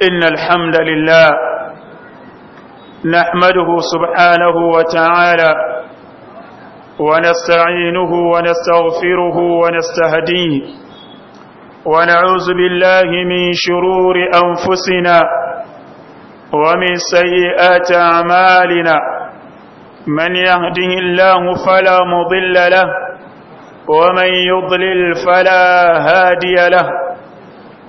إن الحمد لله نحمده سبحانه وتعالى ونستعينه ونستغفره ونستهديه ونعوذ بالله من شرور أنفسنا ومن سيئات أعمالنا من يهده الله فلا مضل له ومن يضلل فلا هادي له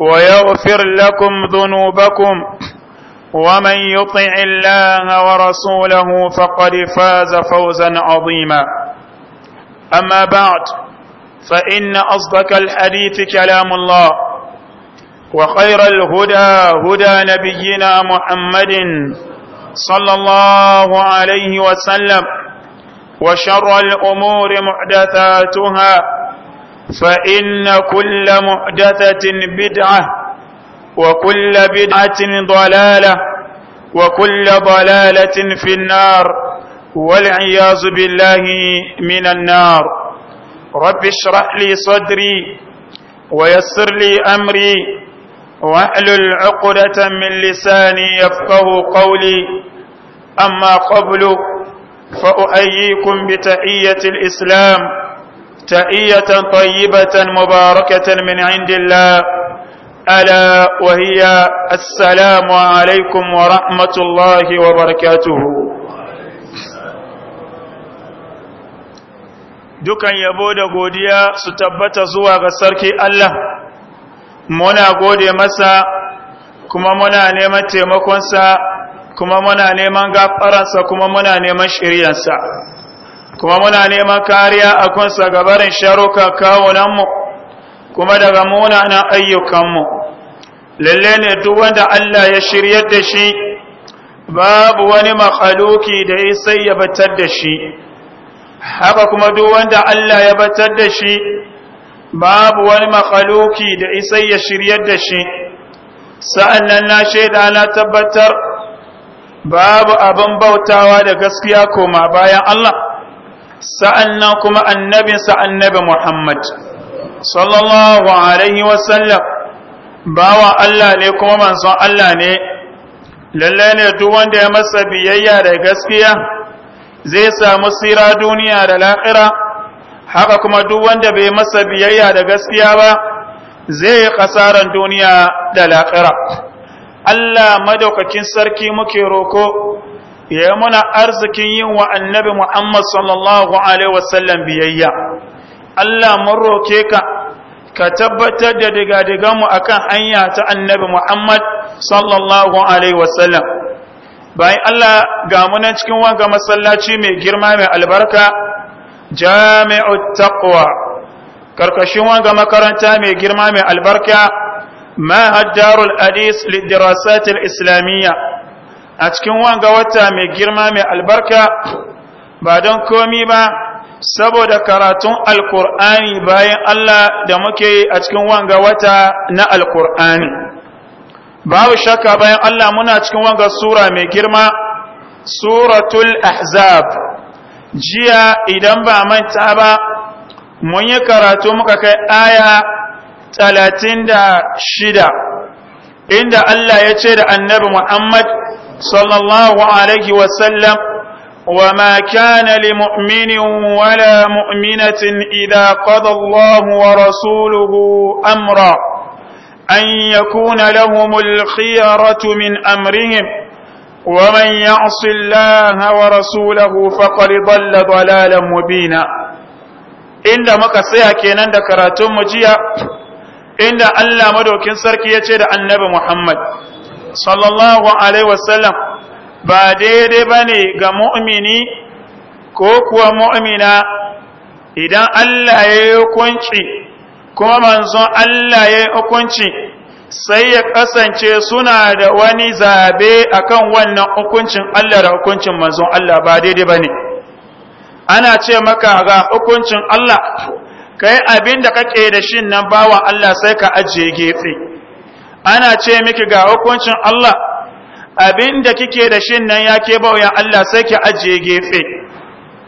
ويغفر لكم ذنوبكم ومن يطع الله ورسوله فقد فاز فوزا عظيما أما بعد فإن أصدق الحديث كلام الله وخير الهدى هدى نبينا محمد صلى الله عليه وسلم وشر الأمور محدثاتها فإن كل محدثة بدعة وكل بدعة ضلالة وكل ضلالة في النار والعياذ بالله من النار رب اشرح لي صدري ويسر لي أمري واحلل عقدة من لساني يفقه قولي أما قبل فأحييكم بتحية الإسلام تحية طيبة مباركة من عند الله ألا وهي السلام عليكم ورحمة الله وبركاته dukan yabo da godiya su tabbata zuwa ga sarki Allah muna gode masa kuma muna neman taimakonsa kuma muna neman gafararsa kuma muna neman shiryarsa kuma muna neman kariya a kunsa gabarin sharuka kawunanmu kuma daga munanan ayyukanmu lalle ne duk wanda Allah ya shiryar da shi babu wani makhaluki da ya sai ya batar da shi haka kuma duk wanda Allah ya batar da shi babu wani makhaluki da isa ya shiryar da shi sa'an nan na shaida na tabbatar babu abin bautawa da gaskiya koma bayan Allah sa'annan kuma annabinsa annabi Muhammad sallallahu alaihi wasallam bawa Allah ne kuma manzon Allah ne lalle ne duk wanda ya masa biyayya da gaskiya zai samu sira duniya da lahira haka kuma duk wanda bai masa biyayya da gaskiya ba zai yi kasaran duniya da lahira Allah madaukakin sarki muke roko ya yi muna arzikin yin wa annabi Muhammad sallallahu Alaihi wasallam biyayya. Allah mun roke ka, ka tabbatar da digadiganmu a kan hanya ta annabi Muhammad sallallahu Alaihi wasallam. Bayan Allah ga muna cikin wanga masallaci mai girma mai albarka, Jami'u taqwa karkashin wanga makaranta mai girma mai albarka, ma haddarul hadis lidirasat islamiyya a cikin wanga wata mai girma mai albarka ba don komi ba saboda karatun alkur'ani bayan Allah da muke a cikin wanga wata na alkur'ani babu shakka bayan Allah muna cikin wanga sura mai girma suratul ahzab jiya idan ba manta ba mun yi karatu muka kai aya talatin da shida inda Allah ya ce da annabi Muhammad صلى الله عليه وسلم وما كان لمؤمن ولا مؤمنة إذا قضى الله ورسوله أمرا أن يكون لهم الخيرة من أمرهم ومن يعص الله ورسوله فقد ضل ضلالا مبينا إن muka tsaya kenan da مجيا إن الله inda Allah النبي محمد sallallahu alaihi wasallam ba daidai ba ne ga mu'mini ko kuwa mu'mina idan Allah ya yi hukunci kuma manzon Allah ya yi hukunci sai ya kasance suna da wani zabe akan wannan hukuncin Allah da hukuncin manzon Allah ba daidai ba ne ana ce maka ga hukuncin Allah kai abinda kake da shin nan bawa Allah sai ka ajiye gefe ana ce miki ga hukuncin Allah abinda kike da shin nan yake bauya Allah sai ki ajiye gefe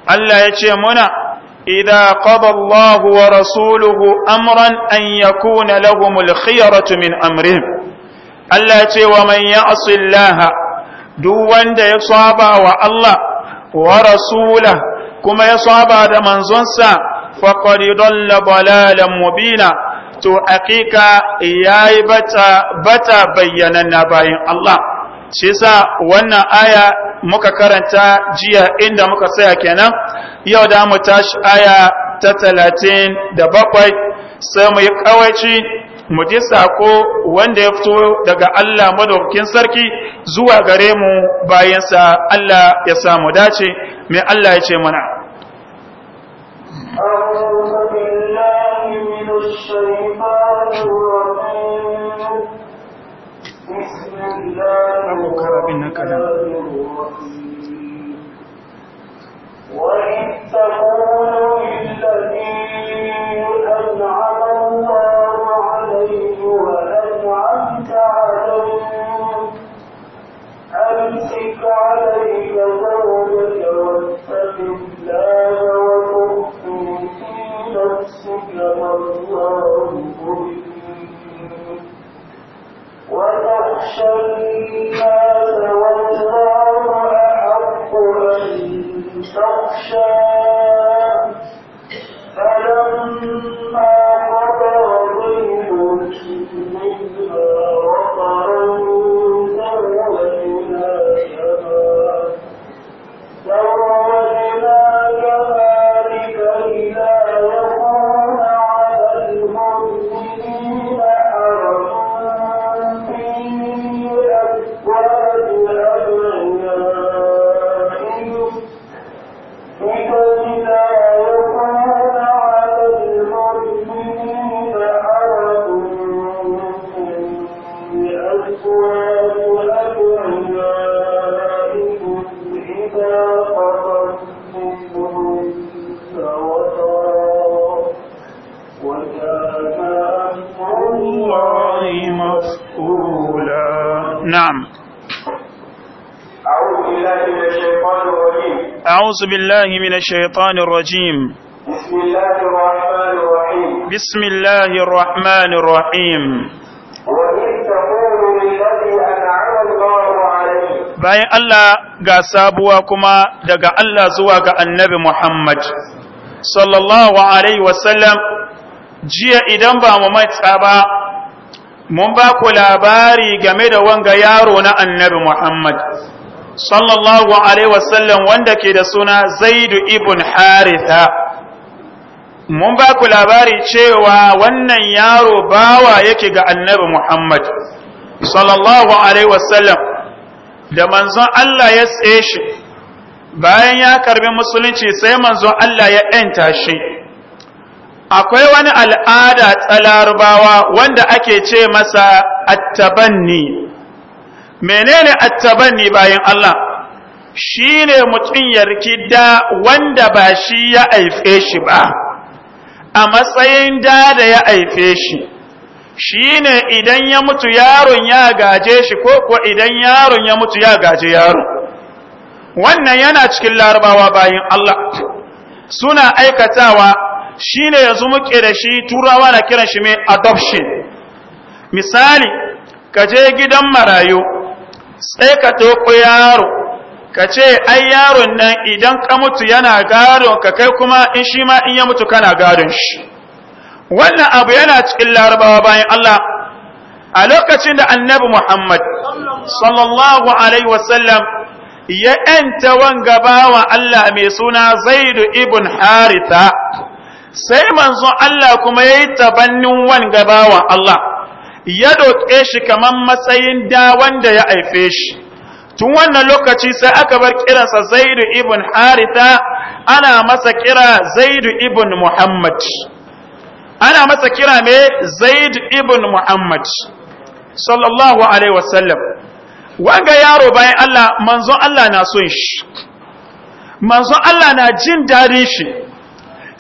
Allah ya ce muna idan qada Allahu wa rasuluhu amran an yakuna lahumul khiyaratu min amrihim Allah ya ce wa man ya'si Allah duk wanda ya saba wa Allah wa rasula kuma ya saba da manzonsa faqad dalla balalan mubina to hakika yayi bata bata na bayin Allah shi yasa wannan aya muka karanta jiya inda muka tsaya kenan yau da mu tashi aya ta talatin da bakwai sai mu yi kawaici mu ji sako wanda ya fito daga Allah madaukakin sarki zuwa gare mu bayansa Allah ya samu dace mai Allah ya ce mana الشيطان الرجيم بسم الله الرحيم وإذ تقول للذي أنعم الله عليه وأنعمت عليه أمسك عليك زوجك واتق الله وتؤمن نفسك والله كل وتخشى الناس والله أحق أن تخشى فلما قضى ظل أعوذ بالله من الشيطان الرجيم بسم الله الرحمن الرحيم بسم الله الرحمن الرحيم وإذ تقول للذي أنعم الله عليه bayan Allah ga sabuwa kuma daga Allah zuwa ga annabi Muhammad sallallahu alaihi wasallam jiya idan ba mu matsa ba mun ba ku labari game da wanga yaro na annabi Muhammad sallallahu alaihi wasallam wanda ke da suna zaidu ibn haritha mun ba ku labari cewa wannan yaro bawa yake ga annabi muhammad sallallahu alaihi wasallam da manzon Allah ya tsaye shi bayan ya karbi musulunci sai manzon Allah ya ‘yanta shi akwai wani al'ada tsalarbawa wanda ake ce masa attabanni menene attabanni bayan Allah shine mutum ya da wanda ba shi ya aife shi ba a matsayin da da ya aife shi shine idan ya mutu yaron ya gaje shi ko ko idan yaron ya mutu ya gaje yaro wannan yana cikin larabawa bayan Allah suna aikatawa shine yanzu muke da shi turawa na kiran shi mai adoption misali ka je gidan marayu sai ka toko yaro ka ce ai yaron nan idan ka mutu yana gadon ka kai kuma in shi ma in ya mutu kana gadon shi wannan abu yana cikin larabawa bayan Allah a lokacin da annabi Muhammad sallallahu alaihi wasallam ya ‘yanta wanga bawa Allah mai suna Zaidu ibn Haritha, sai manzo Allah kuma yayi yi tabannin wanga bawa Allah, ya doke shi kaman matsayin da wanda ya haife shi tun wannan lokaci sai aka bar kiransa zaidu ibn harita ana masa kira zaidu ibn muhammad ana masa kira ne zaid ibn muhammad sallallahu alaihi wasallam wanga yaro bayan Allah manzon Allah na son shi manzon Allah na jin dadin shi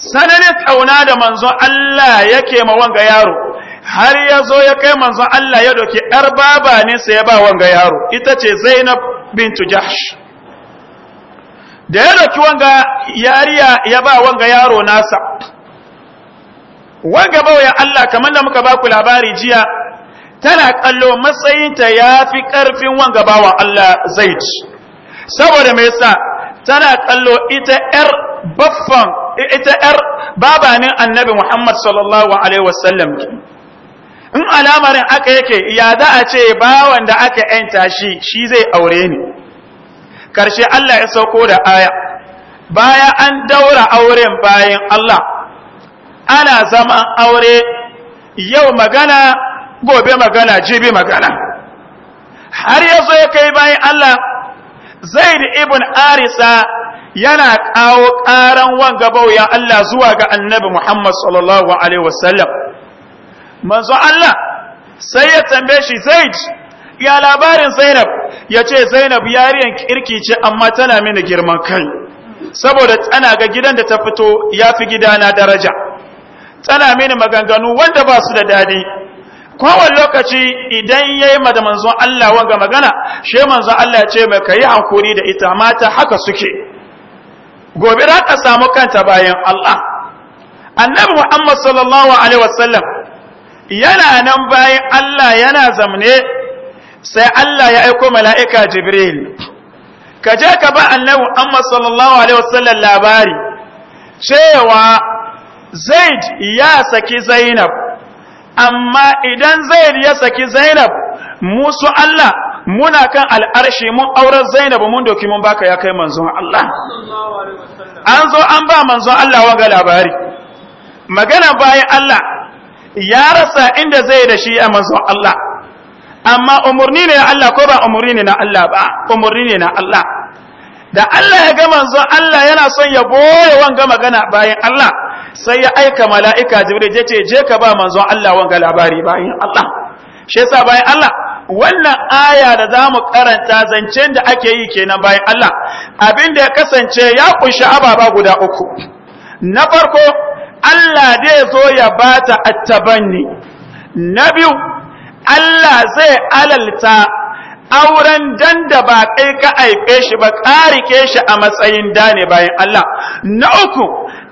sananin kauna da manzon Allah yake ma wanga yaro har ya zo ya kai manzon Allah ya doki ‘yar babaninsa ya ba wanga yaro ita ce zainab bintu jahsh da ya doki wanga yariya ya ba wanga yaro nasa wanga bauyan Allah kamar da muka ba ku labari jiya tana kallo matsayinta ya fi ƙarfin wanga bawan Allah zaid saboda mai sa tana kallo ita ‘yar baffan ita ‘yar babanin annabi Muhammad sallallahu Alaihi wasallam in alamarin aka yake ya za a ce bawan da aka yanta shi shi zai aure ni karshe Allah ya sauko da aya baya an daura auren bayan Allah ana zaman aure yau magana gobe magana jibi magana har yazo ya kai bayan Allah zaid Ibin arisa yana kawo karan wanga bauya Allah zuwa ga annabi Muhammad sallallahu alaihi wasallam manzo Allah sai ya tambaye shi Zaid ya labarin Zainab ya ce Zainab yariyan kirki ce amma tana mini girman kai saboda tana ga gidan da ta fito ya fi gidana daraja tana mini maganganu wanda ba su da daɗi kowane lokaci idan yayi yi da manzo Allah wanga magana she manzo Allah ya ce mai ka yi hankuri da ita mata haka suke gobe za ka samu kanta bayan Allah annabi Muhammad sallallahu alaihi wasallam yana nan bayan Allah yana zamne sai Allah ya aiko mala'ika Jibril ka je ka ba annabi Muhammad sallallahu alaihi wasallam labari cewa Zaid ya saki Zainab amma idan Zaid ya saki Zainab musu Allah muna kan al'arshi mun auren Zainab mun doki mun baka ya kai manzon Allah an zo an ba manzon Allah waga labari magana bayan Allah ya rasa inda zai da shi a manzon Allah amma umarni ne Allah ko ba umarni ne na Allah ba umarni ne na Allah da Allah ya ga manzon Allah yana son ya boye wanga magana bayan Allah sai ya aika mala'ika jibril ya ce je ka ba manzon Allah wanga labari bayan Allah shi yasa bayan Allah wannan aya da za mu karanta zancen da ake yi kenan bayan Allah abin da ya kasance ya kunshi ababa guda uku na farko Allah zai so ya bata attabanni na biyu Allah zai alalta auren dan da ba kai ka aife shi ba karike shi a matsayin dane bayan Allah na uku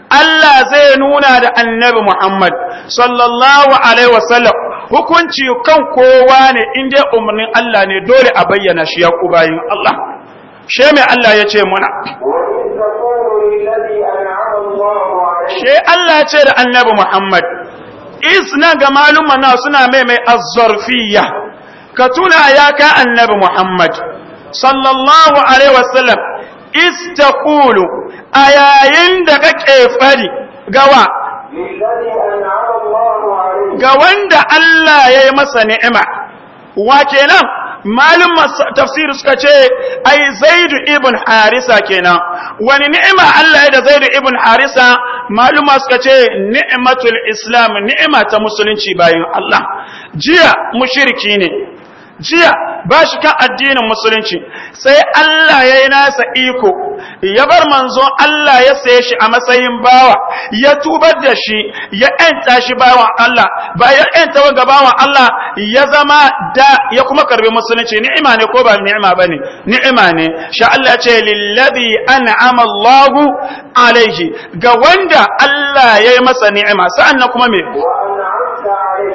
Allah zai nuna da annabi Muhammad sallallahu alaihi wasallam hukunci kan kowa ne in dai umarnin Allah ne dole a bayyana shi ya ku bayin Allah she mai Allah ya ce muna she Allah ce da annabi Muhammad na ga maluma na suna mai mai azzarfiya ka tuna ya ka annabi Muhammad sallallahu alaihi wasallam istaqulu ayayin da kake fari gawa ga wanda Allah ya yi masa ni'ima wa kenan malum tafsir suka ce ai zaidu ibn harisa kenan wani ni'ima Allah ya da zaidu ibn harisa maluma suka ce ni'matul islam ni'ima ta musulunci bayan Allah jiya mushriki ne jiya ba shi kan addinin musulunci sai Allah ya yi nasa iko ya bar manzon Allah ya saye shi a matsayin bawa ya tubar da shi ya ‘yanta shi bawan Allah ba ya ‘yanta ga bawan Allah ya zama da ya kuma karbi musulunci ni'ima ne ko ba ni'ima ba ne ni'ima ne sha Allah ce lillabi an'ama Allahu Alayhi, ga wanda Allah ya yi masa ni'ima sa'an kuma me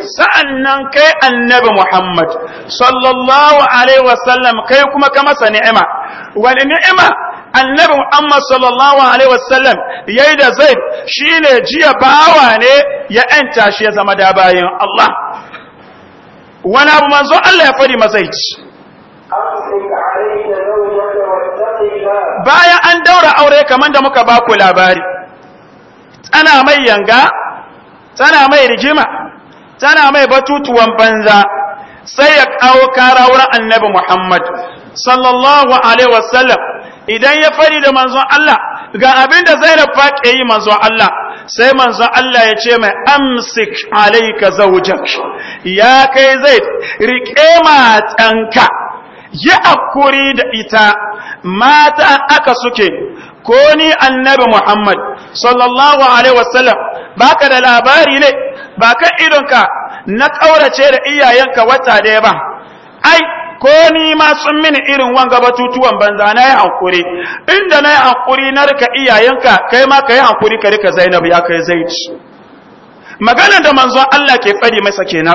sa'annan kai annabi Muhammad sallallahu alaihi wasallam kai kuma ka masa ni'ima wani ni'ima annabi Muhammad sallallahu alaihi wasallam yayi da Zaid shine jiya bawa ne ya enta shi ya zama da bayan Allah wani abu manzo Allah ya fadi mazaici bayan an daura aure kamar da muka baku labari tana mai yanga tana mai rigima tana mai batutuwan banza sai ya kawo kara annabi Muhammad sallallahu alaihi wasallam idan ya fari da manzon Allah ga abin da Zainab fa ke yi manzon Allah sai manzon Allah ya ce mai amsik alayka zawjak ya kai riƙe rike matanka yi hakuri da ita mata aka suke ko ni annabi Muhammad sallallahu alaihi wasallam baka da labari ne ba kan ka na ƙaurace da iyayenka wata ɗaya ba ai ko ni ma sun mini irin wanga batutuwan banza na yi hankuri inda na yi na rika iyayenka kai ma ka yi ka rika zainab ya kai zaici maganar da manzon Allah ke fadi masa kenan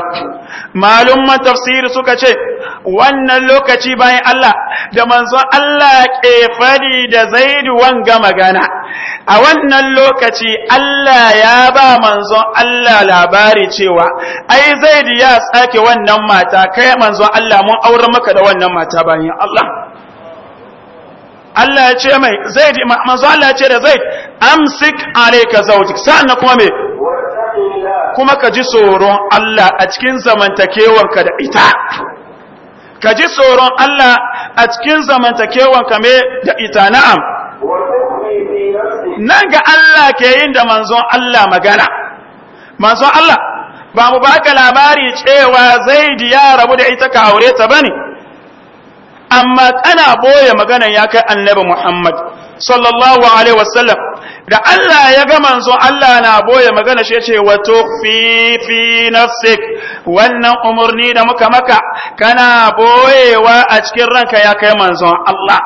malumman tafsir suka ce wannan lokaci bayan Allah da manzon Allah ke fadi da zaidu wanga magana a wannan lokaci Allah ya ba manzon Allah labari cewa ai zaidu ya sake wannan mata kai manzon Allah mun aure maka da wannan mata bayan Allah Allah ya ce mai zaid manzo Allah ya ce da zaid amsik alayka zawjik sannan kuma mai. kuma ka ji tsoron Allah a cikin zamantakewanka da ita ka ji tsoron Allah a cikin zamantakewanka me da ita na'am nan ga Allah ke yin da manzon Allah magana manzon Allah ba mu baka labari cewa zaidi ya rabu da ita ka aure ta bane amma kana boye maganan ya kai annabi Muhammad sallallahu alaihi wasallam da Allah ya ga manzo Allah na boye magana shi ce wa tukhfi fi nafsik wannan umurni da muka maka kana boyewa a cikin ranka ya kai manzo Allah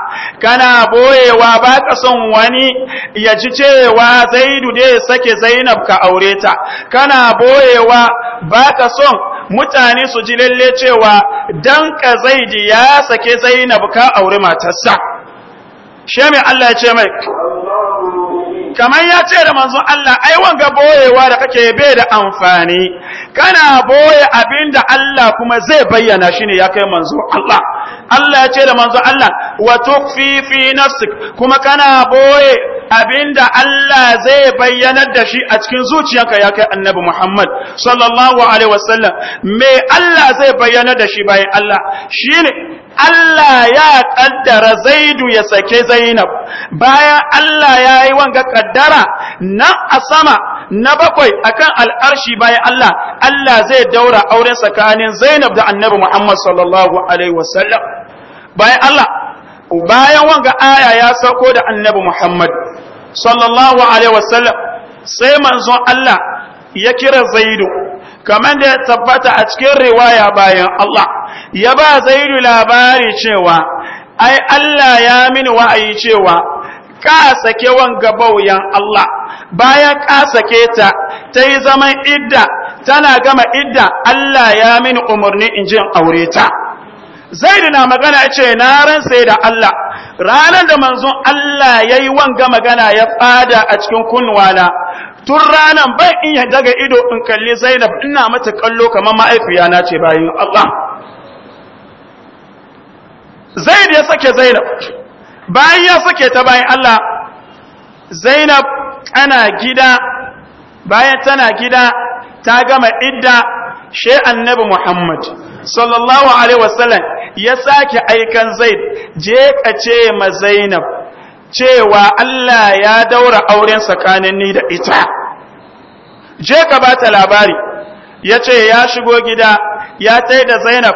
kana boyewa ba ka son wani ya ji cewa Zaidu ne sake Zainab ka aure ta kana boyewa ba ka son mutane su ji lalle cewa dan ka zaidi ya sake zainab ka aure matarsa Shemi Allah ya ce mai kamar ya ce da manzon Allah ai wanga boyewa da kake bai da amfani kana boye abinda Allah kuma zai bayyana shine ya kai manzon Allah Allah ya ce da manzo Allah wa tukfi fi nafsik kuma kana boye abinda Allah zai bayyanar da shi a cikin zuciyarka ya kai annabi Muhammad sallallahu alaihi wasallam me Allah zai bayyanar da shi bayan Allah shine Allah ya kaddara Zaidu ya sake Zainab bayan Allah ya yi wanga kaddara na a sama na bakwai akan al'arshi bayan Allah Allah zai daura auren tsakanin Zainab da Annabi Muhammad sallallahu alaihi wasallam bayan Allah bayan wanga aya ya sauko da Annabi Muhammad sallallahu alaihi wasallam sai manzon Allah ya kira Zaidu kamar da ya tabbata a cikin riwaya bayan Allah ya ba Zaidu labari cewa ai Allah ya mini wa'ayi cewa ka sake wanga bauyan Allah bayan kasake ta ta yi zaman idda tana gama idda Allah ya mini umarni in ji aure ta zaidu na magana ce na ran sai da Allah ranar da manzon Allah ya yi wanga magana ya fada a cikin kunwala tun ranar ban iya daga ido in kalli zainab ina mata kallo kamar ma'aifiya na ce bayan Allah Zainab ya sake zainab bayan ya sake ta bayan Allah zainab ana gida bayan tana gida ta gama idda she annabi Muhammad sallallahu alaihi wasallam ya sake aikan Zaid je ka ce ma Zainab cewa Allah ya daura auren tsakanin ni da ita je ka ba ta labari ya ce ya shigo gida ya tai da Zainab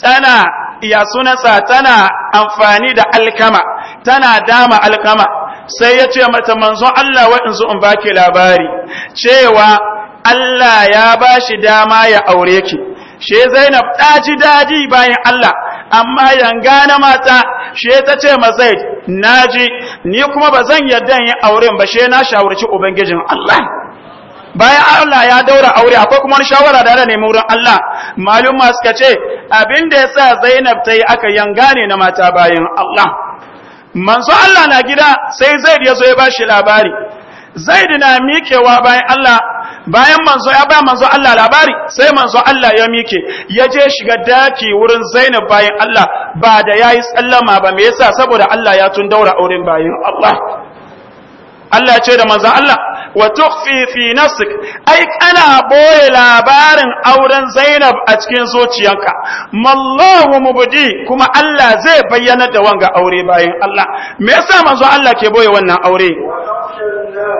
tana ya sunansa tana amfani da alkama tana dama alkama sai ya ce mata manzon Allah wa in zo in baki labari cewa Allah ya ba shi dama ya aure ki she Zainab daji daji bayan Allah amma yanga na mata she ta ce ma Zaid naji ni kuma ba zan yarda in auren ba she na shawarci ubangijin Allah bayan Allah ya daura aure akwai kuma shawara da ne wurin Allah malum suka ce da yasa Zainab ta yi aka yanga ne na mata bayan Allah manzo Allah na gida sai zaid ya zo ya bashi labari zaid na mikewa bayan Allah bayan manzo ya bayan manzo Allah labari sai manzo Allah ya mike ya je shiga daki wurin Zainab bayan Allah ba da yayi sallama ba me yasa saboda Allah ya tun daura auren bayan Allah Allah ya ce da manzon Allah wa tukhfi fi ai kana boye labarin auren Zainab a cikin zuciyanka mallahu mubdi kuma Allah zai bayyana da wanga aure bayan Allah me yasa manzo Allah ke boye wannan aure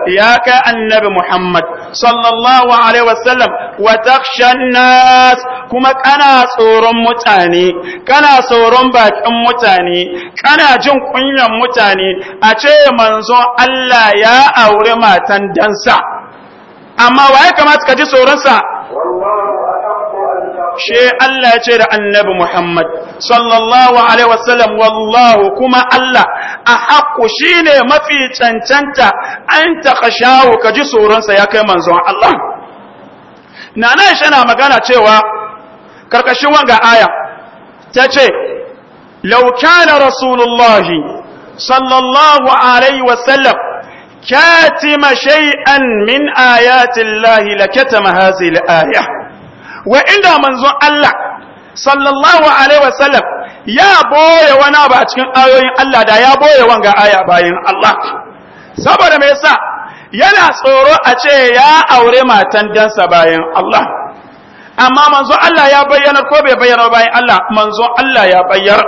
ya kai annabi Muhammad sallallahu alaihi wasallam wa takshan nas kuma kana tsoron mutane kana tsoron bakin mutane kana jin kunyan mutane a ce manzon Allah ya auri matan dansa amma waye kamata ka ji tsoronsa she Allah ya ce da annabi Muhammad sallallahu alaihi wasallam wallahu kuma Allah a haƙu shine mafi cancanta an ta kashawo ka ji tsoronsa ya kai manzon Allah nana shi na magana cewa karkashin wanga aya ta ce law kana rasulullahi sallallahu alaihi wasallam كاتم شيئا من آيات الله لكتم هذه الآية wa inda manzon Allah sallallahu alaihi wasallam ya boye wani abu a cikin ayoyin Allah da ya boye wanga aya bayan Allah saboda me yasa yana tsoro a ce ya aure matan dansa bayan Allah amma manzo Allah ya bayyana ko bai bayyana bayan Allah manzo Allah ya bayyana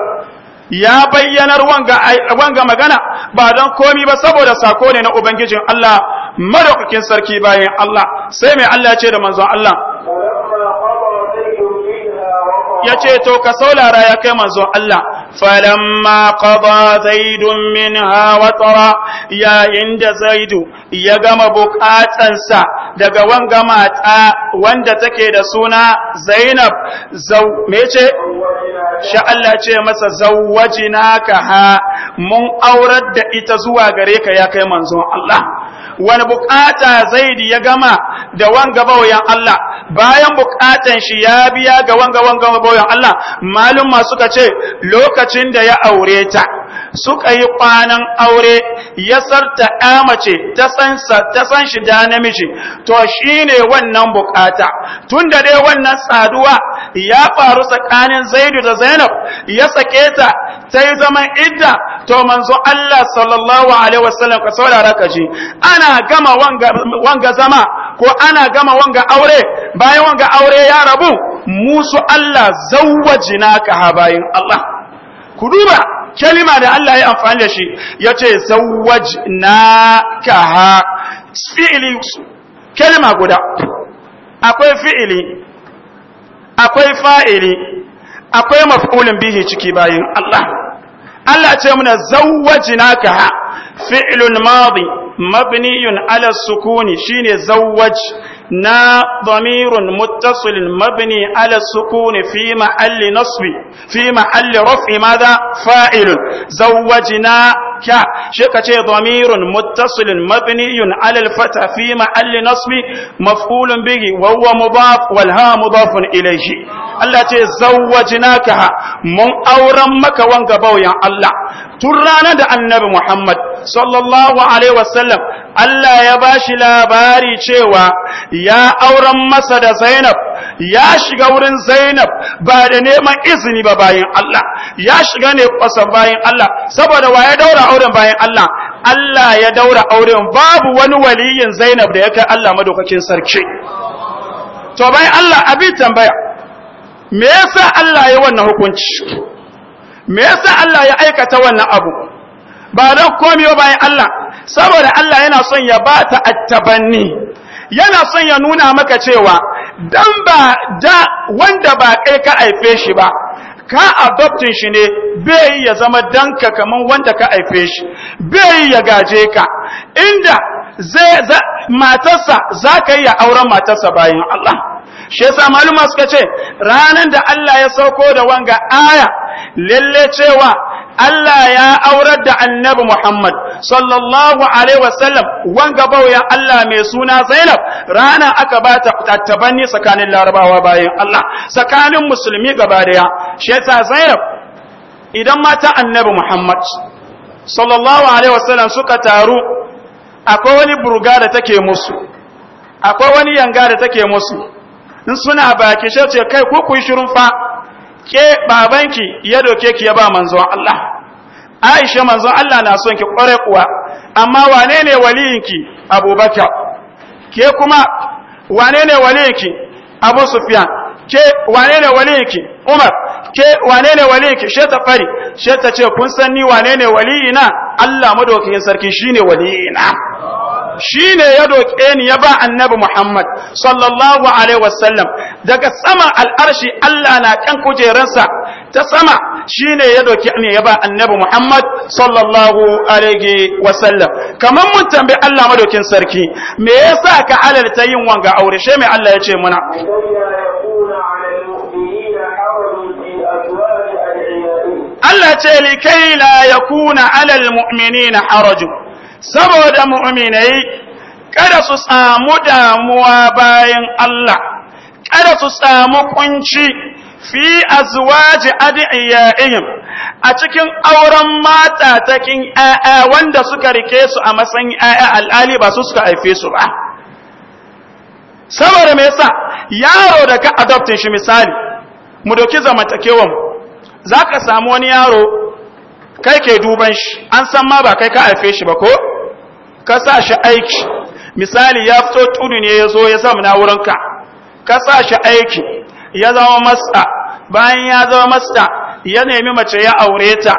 ya bayyanar wanga wanga magana ba don komi ba saboda sako ne na ubangijin Allah madaukakin sarki bayan Allah sai mai Allah ce da manzon Allah ya ce to ka saulara ya kai manzon Allah falamma qada zaidun minha watara ya inda zaidu ya gama sa daga wanga mata wanda take da suna Zainab zau mece sha Allah ce masa zawwajinaka ha mun aurar da ita zuwa gare ka ya kai manzon Allah wani bukata zaidi ya gama da wanga bauyan Allah bayan bukatan shi ya biya ga wanga wanga bauyan Allah malum suka ce lokacin da ya aure ta suka yi kwanan aure ya sarta ya mace ta san shi da namiji to shi ne wannan bukata tunda dai wannan saduwa ya faru tsakanin Zaidu da Zainab ya sake ta ta yi zaman idda to manzo Allah sallallahu alaihi wasallam ka saurara ka ji ana gama wanga zama ko ana gama wanga aure bayan wanga aure ya rabu musu Allah ka ha bayin Allah ku duba kalima da Allah ya amfani da shi ya ce kaha fi'ili kalima guda akwai fi'ili akwai fa'ili akwai maf'ulin bihi ciki bayin Allah Allah ce muna kaha. فعل ماضي مبني على السكون شين زوج نا ضمير متصل مبني على السكون في محل نصب في محل رفع ماذا فاعل زوجنا ك شيء ضمير متصل مبني على الفتح في محل نصب مفعول به وهو مضاف والها مضاف إليه الله تي زوجناك من أورمك وانقبوا يا الله ترانا النبي محمد sallallahu alaihi wasallam Allah ya bashi labari cewa ya auren masa da Zainab ya shiga wurin Zainab ba da neman izini ba bayan Allah ya shiga ne kwasan bayan Allah saboda wa ya daura auren bayan Allah Allah ya daura auren babu wani waliyin Zainab da ya kai Allah madaukakin sarki to bayan Allah abin tambaya me yasa Allah ya wannan hukunci me yasa Allah ya aikata wannan abu ba don komi ba bayan Allah saboda Allah yana son ya ba ta attabanni yana son ya nuna maka cewa dan ba da wanda ba kai ka haife shi ba ka adoptin shi ne bai ya zama danka kaman wanda ka haife shi bai ya gaje ka inda zai matarsa za ka yi auren matarsa bayan Allah shi yasa maluma suka ce ranan da Allah ya sauko da wanga aya lalle cewa Allah ya aurar da annabi Muhammad sallallahu alaihi wasallam wanga bauya Allah mai suna Zainab rana aka ba ta tattabanni tsakanin larabawa bayan Allah tsakanin musulmi gaba daya shi yasa Zainab idan mata annabi Muhammad sallallahu alaihi wasallam suka taru akwai wani burga da take musu akwai wani yanga da take musu in suna baki shi ce kai ku ku yi shirin fa ke babanki ya doke ki ya ba manzon Allah Aisha manzon Allah na son ki kware kuwa amma wane ne waliyinki Abubakar ke kuma wane ne waliyinki Abu Sufyan ke wane ne waliyinki Umar ke wane ne waliyinki Sheta Fari Sheta ce kun sanni ni wane ne waliyina Allah madaukakin sarki shine waliyina shi ne ya doke ni ya ba annabi Muhammad sallallahu alaihi wasallam daga sama al'arshi Allah na kan kujeransa ta sama shi ne ya doke ni ya ba annabi Muhammad sallallahu alaihi wasallam kamar mun tambayi Allah madokin sarki me ya sa ka alalta yin wanga aure she mai Allah ya ce muna Allah ce likai la yakuna alal mu'minina harajun saboda mu'minai kada su samu damuwa bayan Allah kada su samu kunci fi azwaji adiyaihim a cikin auren mata takin ƴaƴa wanda suka rike su a matsayin ƴaƴa al'ali ba su suka haife su ba saboda me yasa yaro da ka adoptin shi misali mu doki zamantakewan zaka samu wani yaro kai ke duban shi an san ma ba kai ka haife shi ba ko ka sa shi aiki misali ya fito tuni ne ya zo ya na wurinka ka sa shi aiki ya zama masta bayan ya zama masta ya nemi mace ya aure ta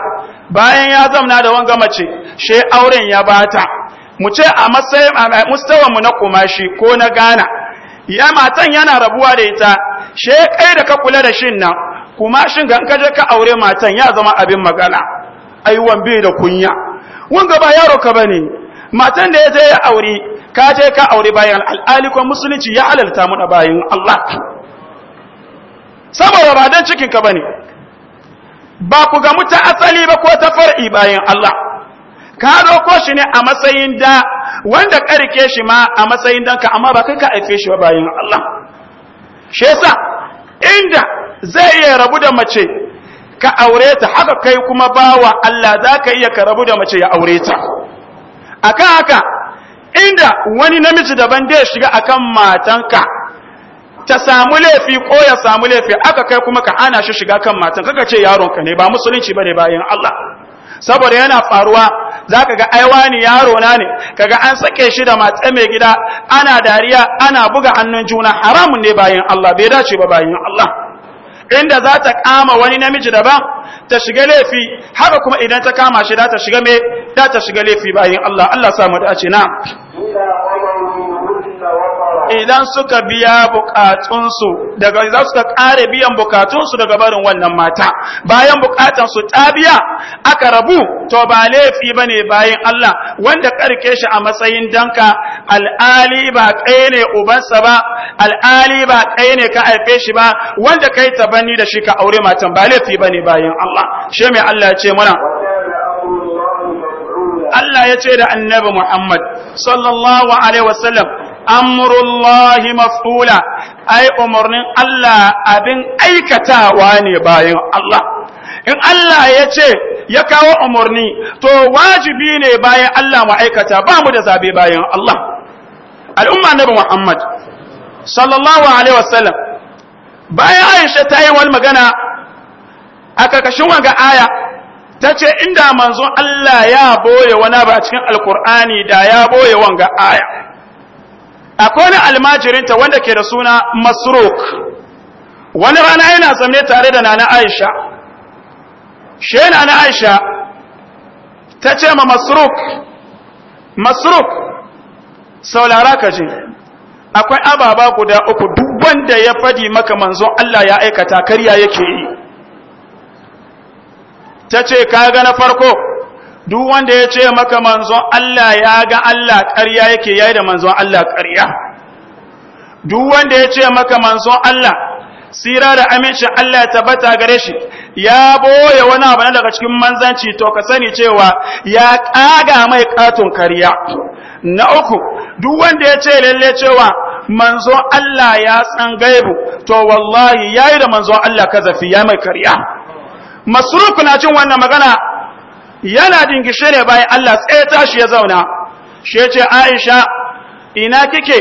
bayan ya zamana da wanga mace she auren ya bata mu ce a matsayin mu na kumashi ko na gana ya matan yana rabuwa da ita she kai da ka kula da shin nan kumashin ga ka je ka aure matan ya zama abin magana ai wan bai da kunya wanga ba yaro ka bane matan da ya je ya aure ka je ka aure bayan al'alikon musulunci ya halarta mu da bayan Allah saboda ba dan cikin ka bane ba ku ga muta asali ba ko ta far'i bayan Allah ka zo ko shi ne a matsayin da wanda karke shi ma a matsayin danka amma ba kai ka aife shi ba bayan Allah shi yasa inda zai iya rabu da mace ka aure ta haka kai kuma bawa Allah zaka iya ka rabu da mace ya aure ta akan haka inda wani namiji daban da ya shiga akan matanka ta samu laifi ko ya samu laifi aka kai kuma ka ana shi shiga kan matan kaka ce yaronka ne ba musulunci bane bayan Allah saboda yana faruwa zaka ga aiwa ne yaro na ne kaga an sake shi da matsa mai gida ana dariya ana buga hannun juna haramun ne bayan Allah bai dace ba bayan Allah inda za ta kama wani namiji daban ta shiga laifi haka kuma idan ta kama shi da ta shiga mai da ta shiga laifi bayin Allah Allah sa mu dace na idan suka biya bukatunsu daga za su kare biyan bukatunsu daga barin wannan mata bayan su ta biya aka rabu to ba laifi ba ne bayan Allah wanda karke shi a matsayin danka al'ali ba kai ne ubansa ba al'ali ba kai ne ka haife shi ba wanda kai tabanni da shi ka aure matan ba laifi ba ne bayan Allah shi mai Allah ya ce mana Allah ya ce da annabi Muhammad sallallahu alaihi wasallam amrullahi maf'ula ai umarnin Allah abin aikatawa ne bayan Allah in Allah ya ce ya kawo umarni to wajibi ne bayan Allah mu aikata ba mu da zabe bayan Allah al'umma annabi Muhammad sallallahu alaihi wasallam bayan Aisha ta yi wal magana a karkashin wanga aya ta ce inda manzon Allah ya boye wani ba cikin alkur'ani da ya boye wanga aya akwai wani almajirinta wanda ke da suna masruk wani rana yana zamne tare da nana aisha she nana aisha ta ce ma masruk masruk saulara ka ji akwai ababa guda uku duk wanda ya fadi maka manzon Allah ya aikata karya yake yi ta ce kaga na farko duk wanda ya ce maka manzon Allah ya ga Allah ƙarya yake yayi da manzon Allah ƙarya duk wanda ya ce maka manzon Allah sira da aminci Allah ya tabbata gare shi ya boye wani abu daga cikin manzanci to ka sani cewa ya kaga mai katon ƙarya na uku duk wanda ya ce lalle cewa manzon Allah ya san gaibu to wallahi yayi da manzon Allah kazafi ya mai ƙarya masruk na cin wannan magana yana dingishe ne bayan Allah tsaye tashi ya zauna shi ce Aisha ina kike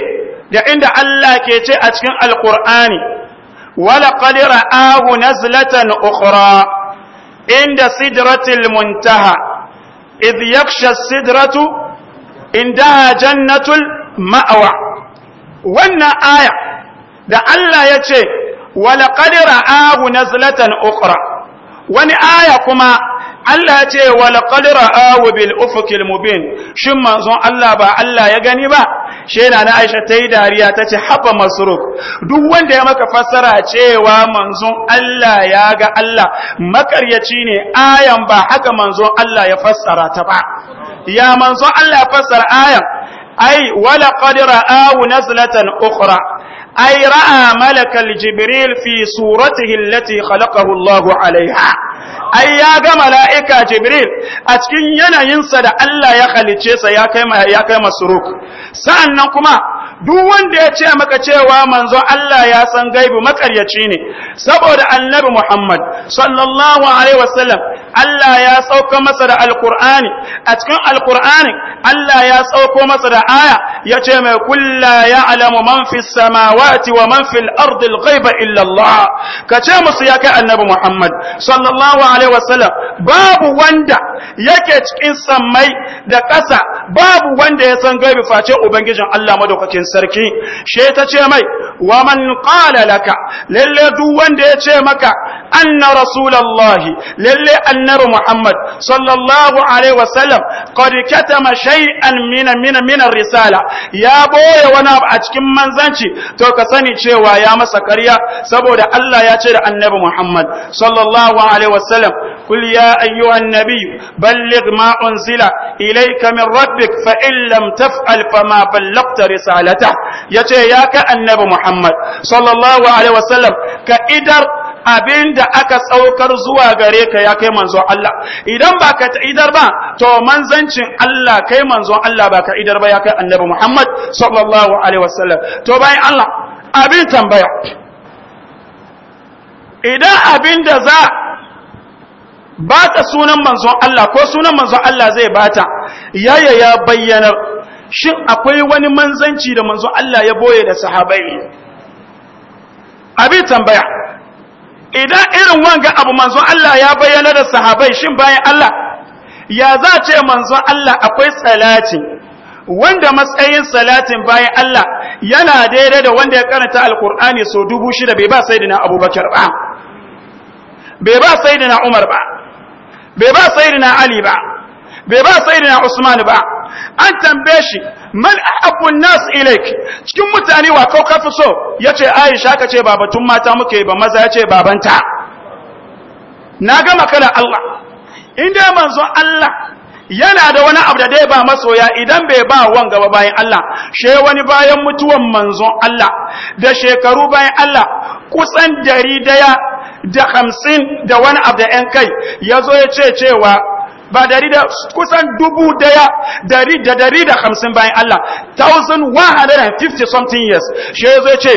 da inda Allah ke ce a cikin alkur'ani wala qad ra'ahu nazlatan ukhra inda sidratil muntaha idh yakhsha sidratu indaha jannatul ma'wa wannan aya da Allah ya ce wala qad ra'ahu nazlatan ukhra wani aya kuma Allah ce walaqad awu bil ufukil mubin shin manzon Allah ba Allah ya gani ba shena na Aisha tayi dariya tace haba masruk duk wanda ya maka fassara cewa manzon Allah ya ga Allah makaryaci ne ayan ba haka manzon Allah ya fassara ta ba ya manzon Allah ya fassara ayan ai wala qad ra'ahu nazlatan ukhra أي رأى ملك الجبريل في صورته التي خلقه الله عليها ai ya ga mala'ika jibril a cikin yanayinsa da Allah ya halice sa ya kai ya kai kuma duk wanda ya ce maka cewa manzo Allah ya san gaibu makaryaci ne saboda annabi Muhammad sallallahu alaihi wasallam Allah ya sauko masa da alkur'ani a cikin alkur'ani Allah ya sauko masa da aya yace mai kulla ya'lamu man fi samawati wa man fil ardi al-ghaiba illa Allah ce musu ya kai annabi Muhammad sallallahu sallallahu alaihi wasallam babu wanda yake cikin sammai da ƙasa babu wanda ya san gaibi face ubangijin Allah madaukakin sarki she ta ce mai wa man qala laka lalle duk wanda ya ce maka anna rasulullahi lalle annabi Muhammad sallallahu alaihi wasallam qad katama shay'an min min min risala ya boye wani abu a cikin manzanci to ka sani cewa ya masa ƙarya saboda Allah ya ce da annabi Muhammad sallallahu alaihi وسلم قل يا أيها النبي بلغ ما أنزل إليك من ربك فإن لم تفعل فما بلغت رسالته يتي ياك النبي محمد صلى الله عليه وسلم كإدر abin da aka saukar zuwa gare ka ya kai manzo Allah idan ba ka idar ba to manzancin Allah kai manzo Allah ba ka idar ba ya kai annabi Muhammad sallallahu alaihi wasallam to bayan Allah abin tambaya idan abin da za bata sunan manzon Allah ko sunan manzon Allah zai bata yaya ya bayyanar shin akwai wani manzanci da manzon Allah ya boye da sahabai abi tambaya idan irin wanga abu manzon Allah ya bayyana da sahabai shin bayan Allah ya za ce manzon Allah akwai salati wanda matsayin salatin bayan Allah yana daidai da wanda ya karanta alkur'ani so dubu shida bai ba sai abubakar ba bai ba sai Umar ba bai ba sayyidina ali ba bai ba sayyidina usman ba an tambaye shi man abun nas ilaik cikin mutane wa kau ka fi so yace aisha ka ce babatun mata muke ba maza yace babanta na gama kala Allah inda manzo Allah yana da wani abu da dai ba masoya idan bai ba wan gaba bayan Allah she wani bayan mutuwan manzon Allah da shekaru bayan Allah kusan dari daya da hamsin da wani abu da ‘yan kai ya zo ya ce cewa ba dari da kusan dubu daya dari da dari da hamsin bayan Allah 1150 something years shi ya zai ce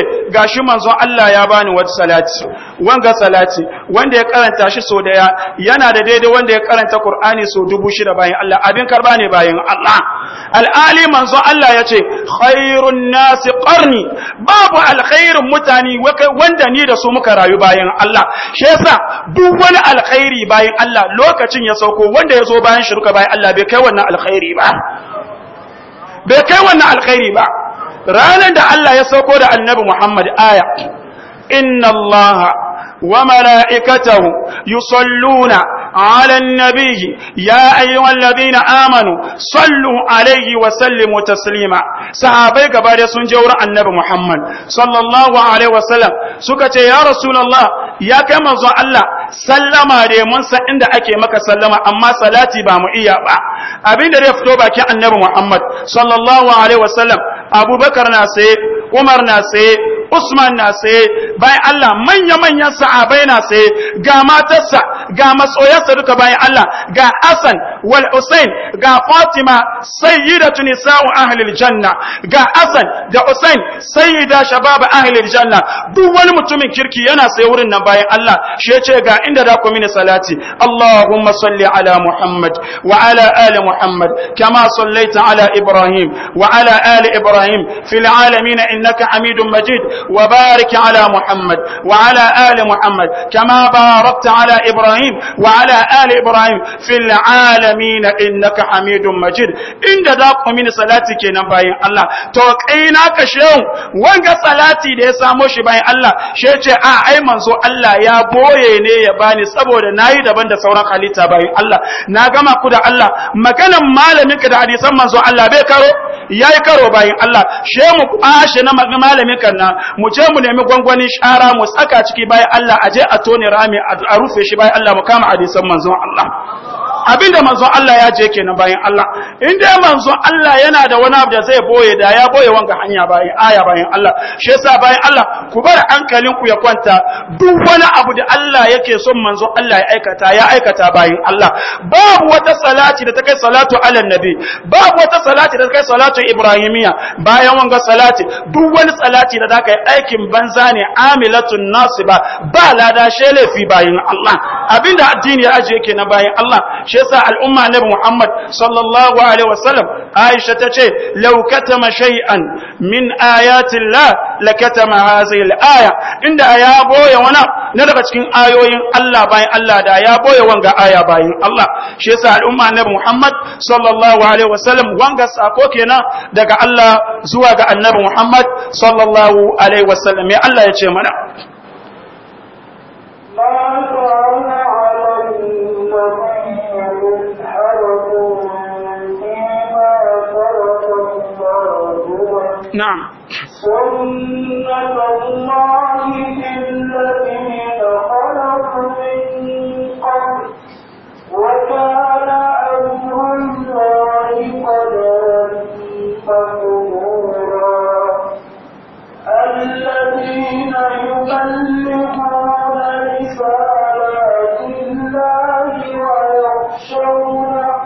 shi manzon Allah ya bani wata salati wanga salati wanda ya karanta shi so daya yana da daidai wanda ya karanta Qur'ani so dubu shida bayan Allah abin karba ne bayan Allah al'ali manzon Allah ya ce khairun nasi qarni babu alkhairin mutane wanda ni da su muka rayu bayan Allah shi yasa duk wani alkhairi bayan Allah lokacin ya sauko wanda ya so bayan shi ruka bayan Allah bai kai wannan alkhairi ba alkhairi ba ranar da Allah ya sauko da annabi Muhammad aya inna Allah wa mala'ikatahu yusalluna ala annabi ya ayyuhal ladina amanu sallu alayhi wa sallimu taslima sahabai gaba da sun je wurin annabi Muhammad sallallahu alaihi wasallam suka ce ya rasulullahi ya kai manzon Allah sallama ne mun san inda ake maka sallama amma salati ba mu iya ba abin da zai fito bakin annabi Muhammad sallallahu alaihi wasallam Abubakar na saye Umar na saye Usman na saye bayan Allah manya-manyan sahabai na tsaye ga matarsa ga matsoyarsa duka bayan Allah ga Hassan wal Usain, ga Fatima sayyidatu nisa'u ahlil janna ga Hassan da Hussein sayyida shabab ahlil janna duk wani mutumin kirki yana tsaye wurin nan bayan Allah shi yace ga inda da ku mini salati Allahumma salli ala Muhammad wa ala ali Muhammad kama sallaita ala Ibrahim wa ala ali Ibrahim fil alamin innaka Hamidum Majid wa barik ala Muhammad محمد وعلى آل محمد كما باركت على إبراهيم وعلى آل إبراهيم في العالمين إنك حميد مجيد إن ذاك من صلاتك نباين الله توقعين كشيو وانك صلاتي دي ساموش باين الله شيء أعي منزو الله يا بوي ne ya bani saboda nayi daban da sauran halitta bayin Allah na gama ku da Allah maganan malamin ka da hadisan manzo Allah bai karo bayan karo Allah she mu kwashe na malamin na mu je mu nemi gwangwani shara mu saka ciki bayan Allah aje a tone rami a rufe shi bayan Allah mu kama hadisan manzon Allah abinda manzon Allah ya je kenan bayan Allah in dai manzon Allah yana da wani abu da zai boye da ya boye wanga hanya bayan aya bayan Allah shi yasa bayan Allah ku bar hankalin ku ya kwanta duk wani abu da Allah yake son manzon Allah ya aikata ya aikata bayan Allah babu wata salati da ta kai salatu ala nabi babu wata salati da ta kai salatu ibrahimiya bayan wanga salati duk wani salati da ta yi aikin banza ne amilatun nasiba ba lada shelefi bayan Allah abinda addini ya ajiye kenan bayan Allah shi yasa al'umma annabi Muhammad sallallahu alaihi wasallam Aisha tace law katama shay'an min ayati Allah lakatama hadhihi al-aya inda aya boye wani na daga cikin ayoyin Allah bayan Allah da aya boye wanga aya bayan Allah shi yasa al'umma annabi Muhammad sallallahu alaihi wasallam wanga sako kenan daga Allah zuwa ga annabi Muhammad sallallahu alaihi wasallam ya Allah ya ce mana نعم سنة الله في الذين من قبل وكان أمر الله قدرا مقدورا الذين يبلغون رسالات الله ويخشونه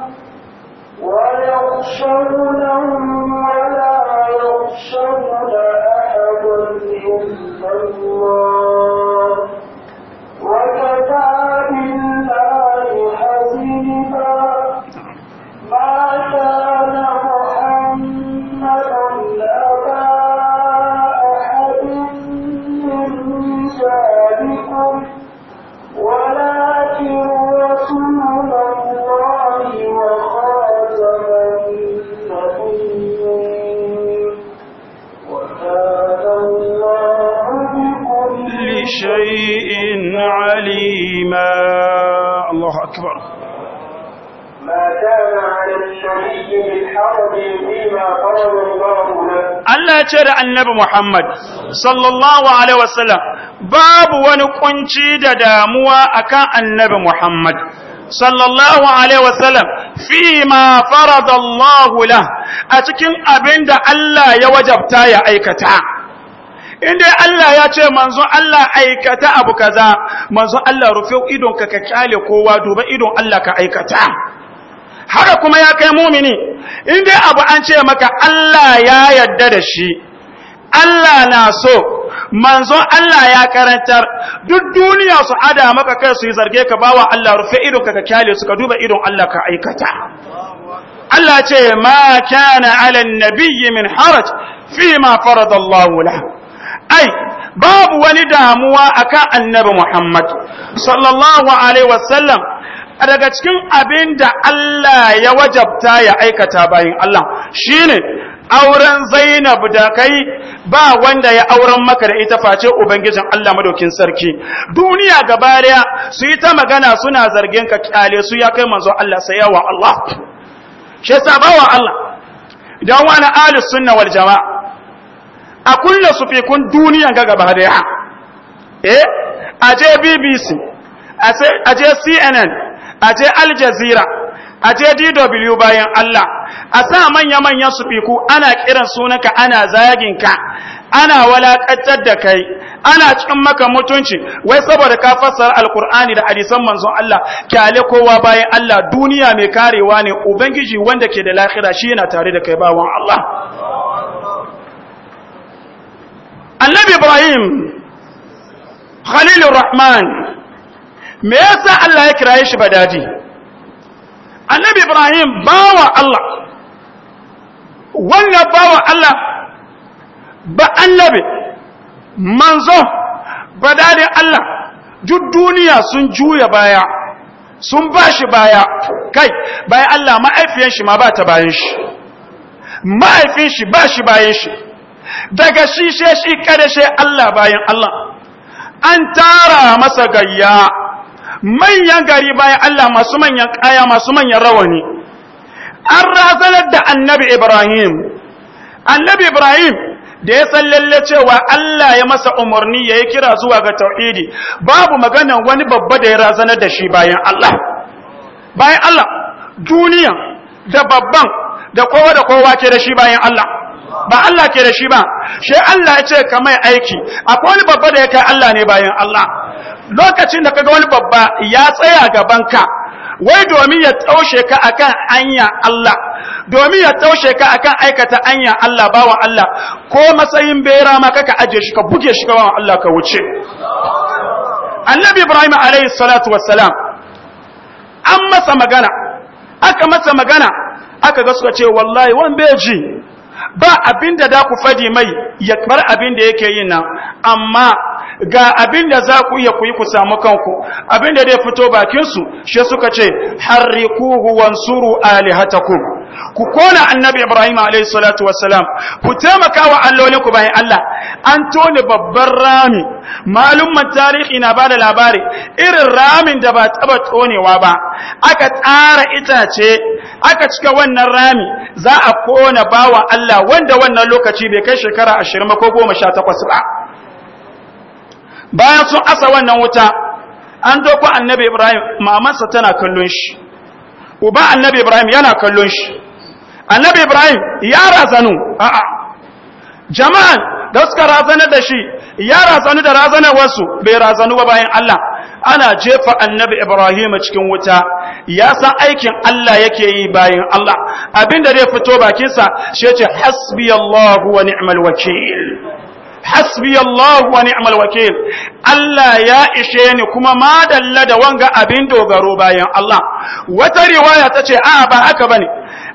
ويخشونه ولا يخشى ولا أحد إلا الله Allah ya ce da annabi Muhammad sallallahu alaihi wasallam babu wani kunci da damuwa akan annabi Muhammad sallallahu alaihi wasallam fi ma farada la a cikin abinda Allah ya wajabta ya aikata dai Allah ya ce manzo Allah aikata abu kaza manzo Allah rufe idon ka ka kyale kowa duba idon Allah ka aikata haka kuma ya kai mumini in dai abu an ce maka Allah ya yarda da shi Allah na so manzon Allah ya karantar duk duniya su ada maka kai su yi zarge ka bawa Allah rufe idon ka kyale su ka duba idon Allah ka aikata Allah ce ma kana ala nabiyyi min haraj fi ma farada Allah ai babu wani damuwa akan annabi Muhammad sallallahu alaihi wasallam daga cikin abin da Allah ya wajabta ya aikata bayan Allah shi ne, auren Zainab da kai ba wanda ya auren maka da ita face ubangijin Allah madaukin sarki duniya gaba su yi ta magana suna zargin ka kyale su ya kai manzo Allah sai yawa Allah shi sabawa Allah idan wani ahlus sunna wal jamaa a kullu su fi kun duniya ga gaba daya eh aje BBC aje CNN a je Aljazira, a je dw bayan allah a sa manya-manyan su fiku ana kiran sunanka ana zagin ka ana walakantar da kai ana cikin maka mutunci wai saboda ka fassara alkur'ani da hadisan manzon Allah kyale kowa bayan Allah duniya mai karewa ne ubangiji wanda ke da lahira shi yana tare da kai bawan Allah annabi ibrahim khalilur rahman me yasa Allah ya kiraye shi badadi annabi ibrahim bawa Allah wannan bawa Allah ba annabi manzo badadi Allah duk duniya sun juya baya sun bashi baya kai bayan Allah ma'aifiyan shi ma ba ta bayan shi ma'aifin shi ba shi bayan shi daga shi she shi kada she Allah bayan Allah an tara masa gayya manyan gari bayan Allah masu manyan kaya masu manyan rawani an razanar da annabi Ibrahim annabi Ibrahim da ya san cewa Allah ya masa umarni ya yi kira zuwa ga tauhidi babu magana wani babba da ya razanar da shi bayan Allah bayan Allah duniya da babban da kowa da kowa ke da shi bayan Allah ba Allah ke da shi ba shi Allah ya ce kamar aiki akwai wani babba da ya kai Allah ne bayan Allah lokacin da kaga wani babba ya tsaya gaban ka wai domin ya taushe ka akan anya Allah domin ya taushe ka akan aikata anya Allah bawa Allah ko matsayin bera ma kaka aje shi ka buge shi bawa Allah ka wuce annabi ibrahim alayhi salatu wassalam an masa magana aka masa magana aka ga suka ce wallahi wan beji ba abinda da ku fadi mai ya bar abinda yake yin nan amma ga abin da za ku iya ku yi ku samu kanku abin da zai fito bakinsu shi suka ce harrikuhu wansuru alihatakum ku kona annabi ibrahim alayhi salatu wassalam ku taimaka wa allolin ku bayan Allah an tone babban rami malumman tarihi na bada labari irin ramin da ba taba tonewa ba aka tsara itace aka cika wannan rami za a kona bawa Allah wanda wannan lokaci bai kai shekara 20 ko 18 ba bayan sun asa wannan wuta an doko annabi ibrahim mamansa tana kallon shi uba annabi ibrahim yana kallon shi annabi ibrahim ya razanu a'a jama'an da suka razana da shi ya razanu da razana wasu bai razanu ba bayan allah ana jefa annabi ibrahim cikin wuta ya san aikin allah yake yi bayan allah abinda zai fito bakinsa shi ce hasbi wa ni'mal wakil hasbi wani wa wakil Allah ya ishe ni kuma madalla da wanga abin dogaro bayan Allah wata riwaya ta ce a'a ba haka ne.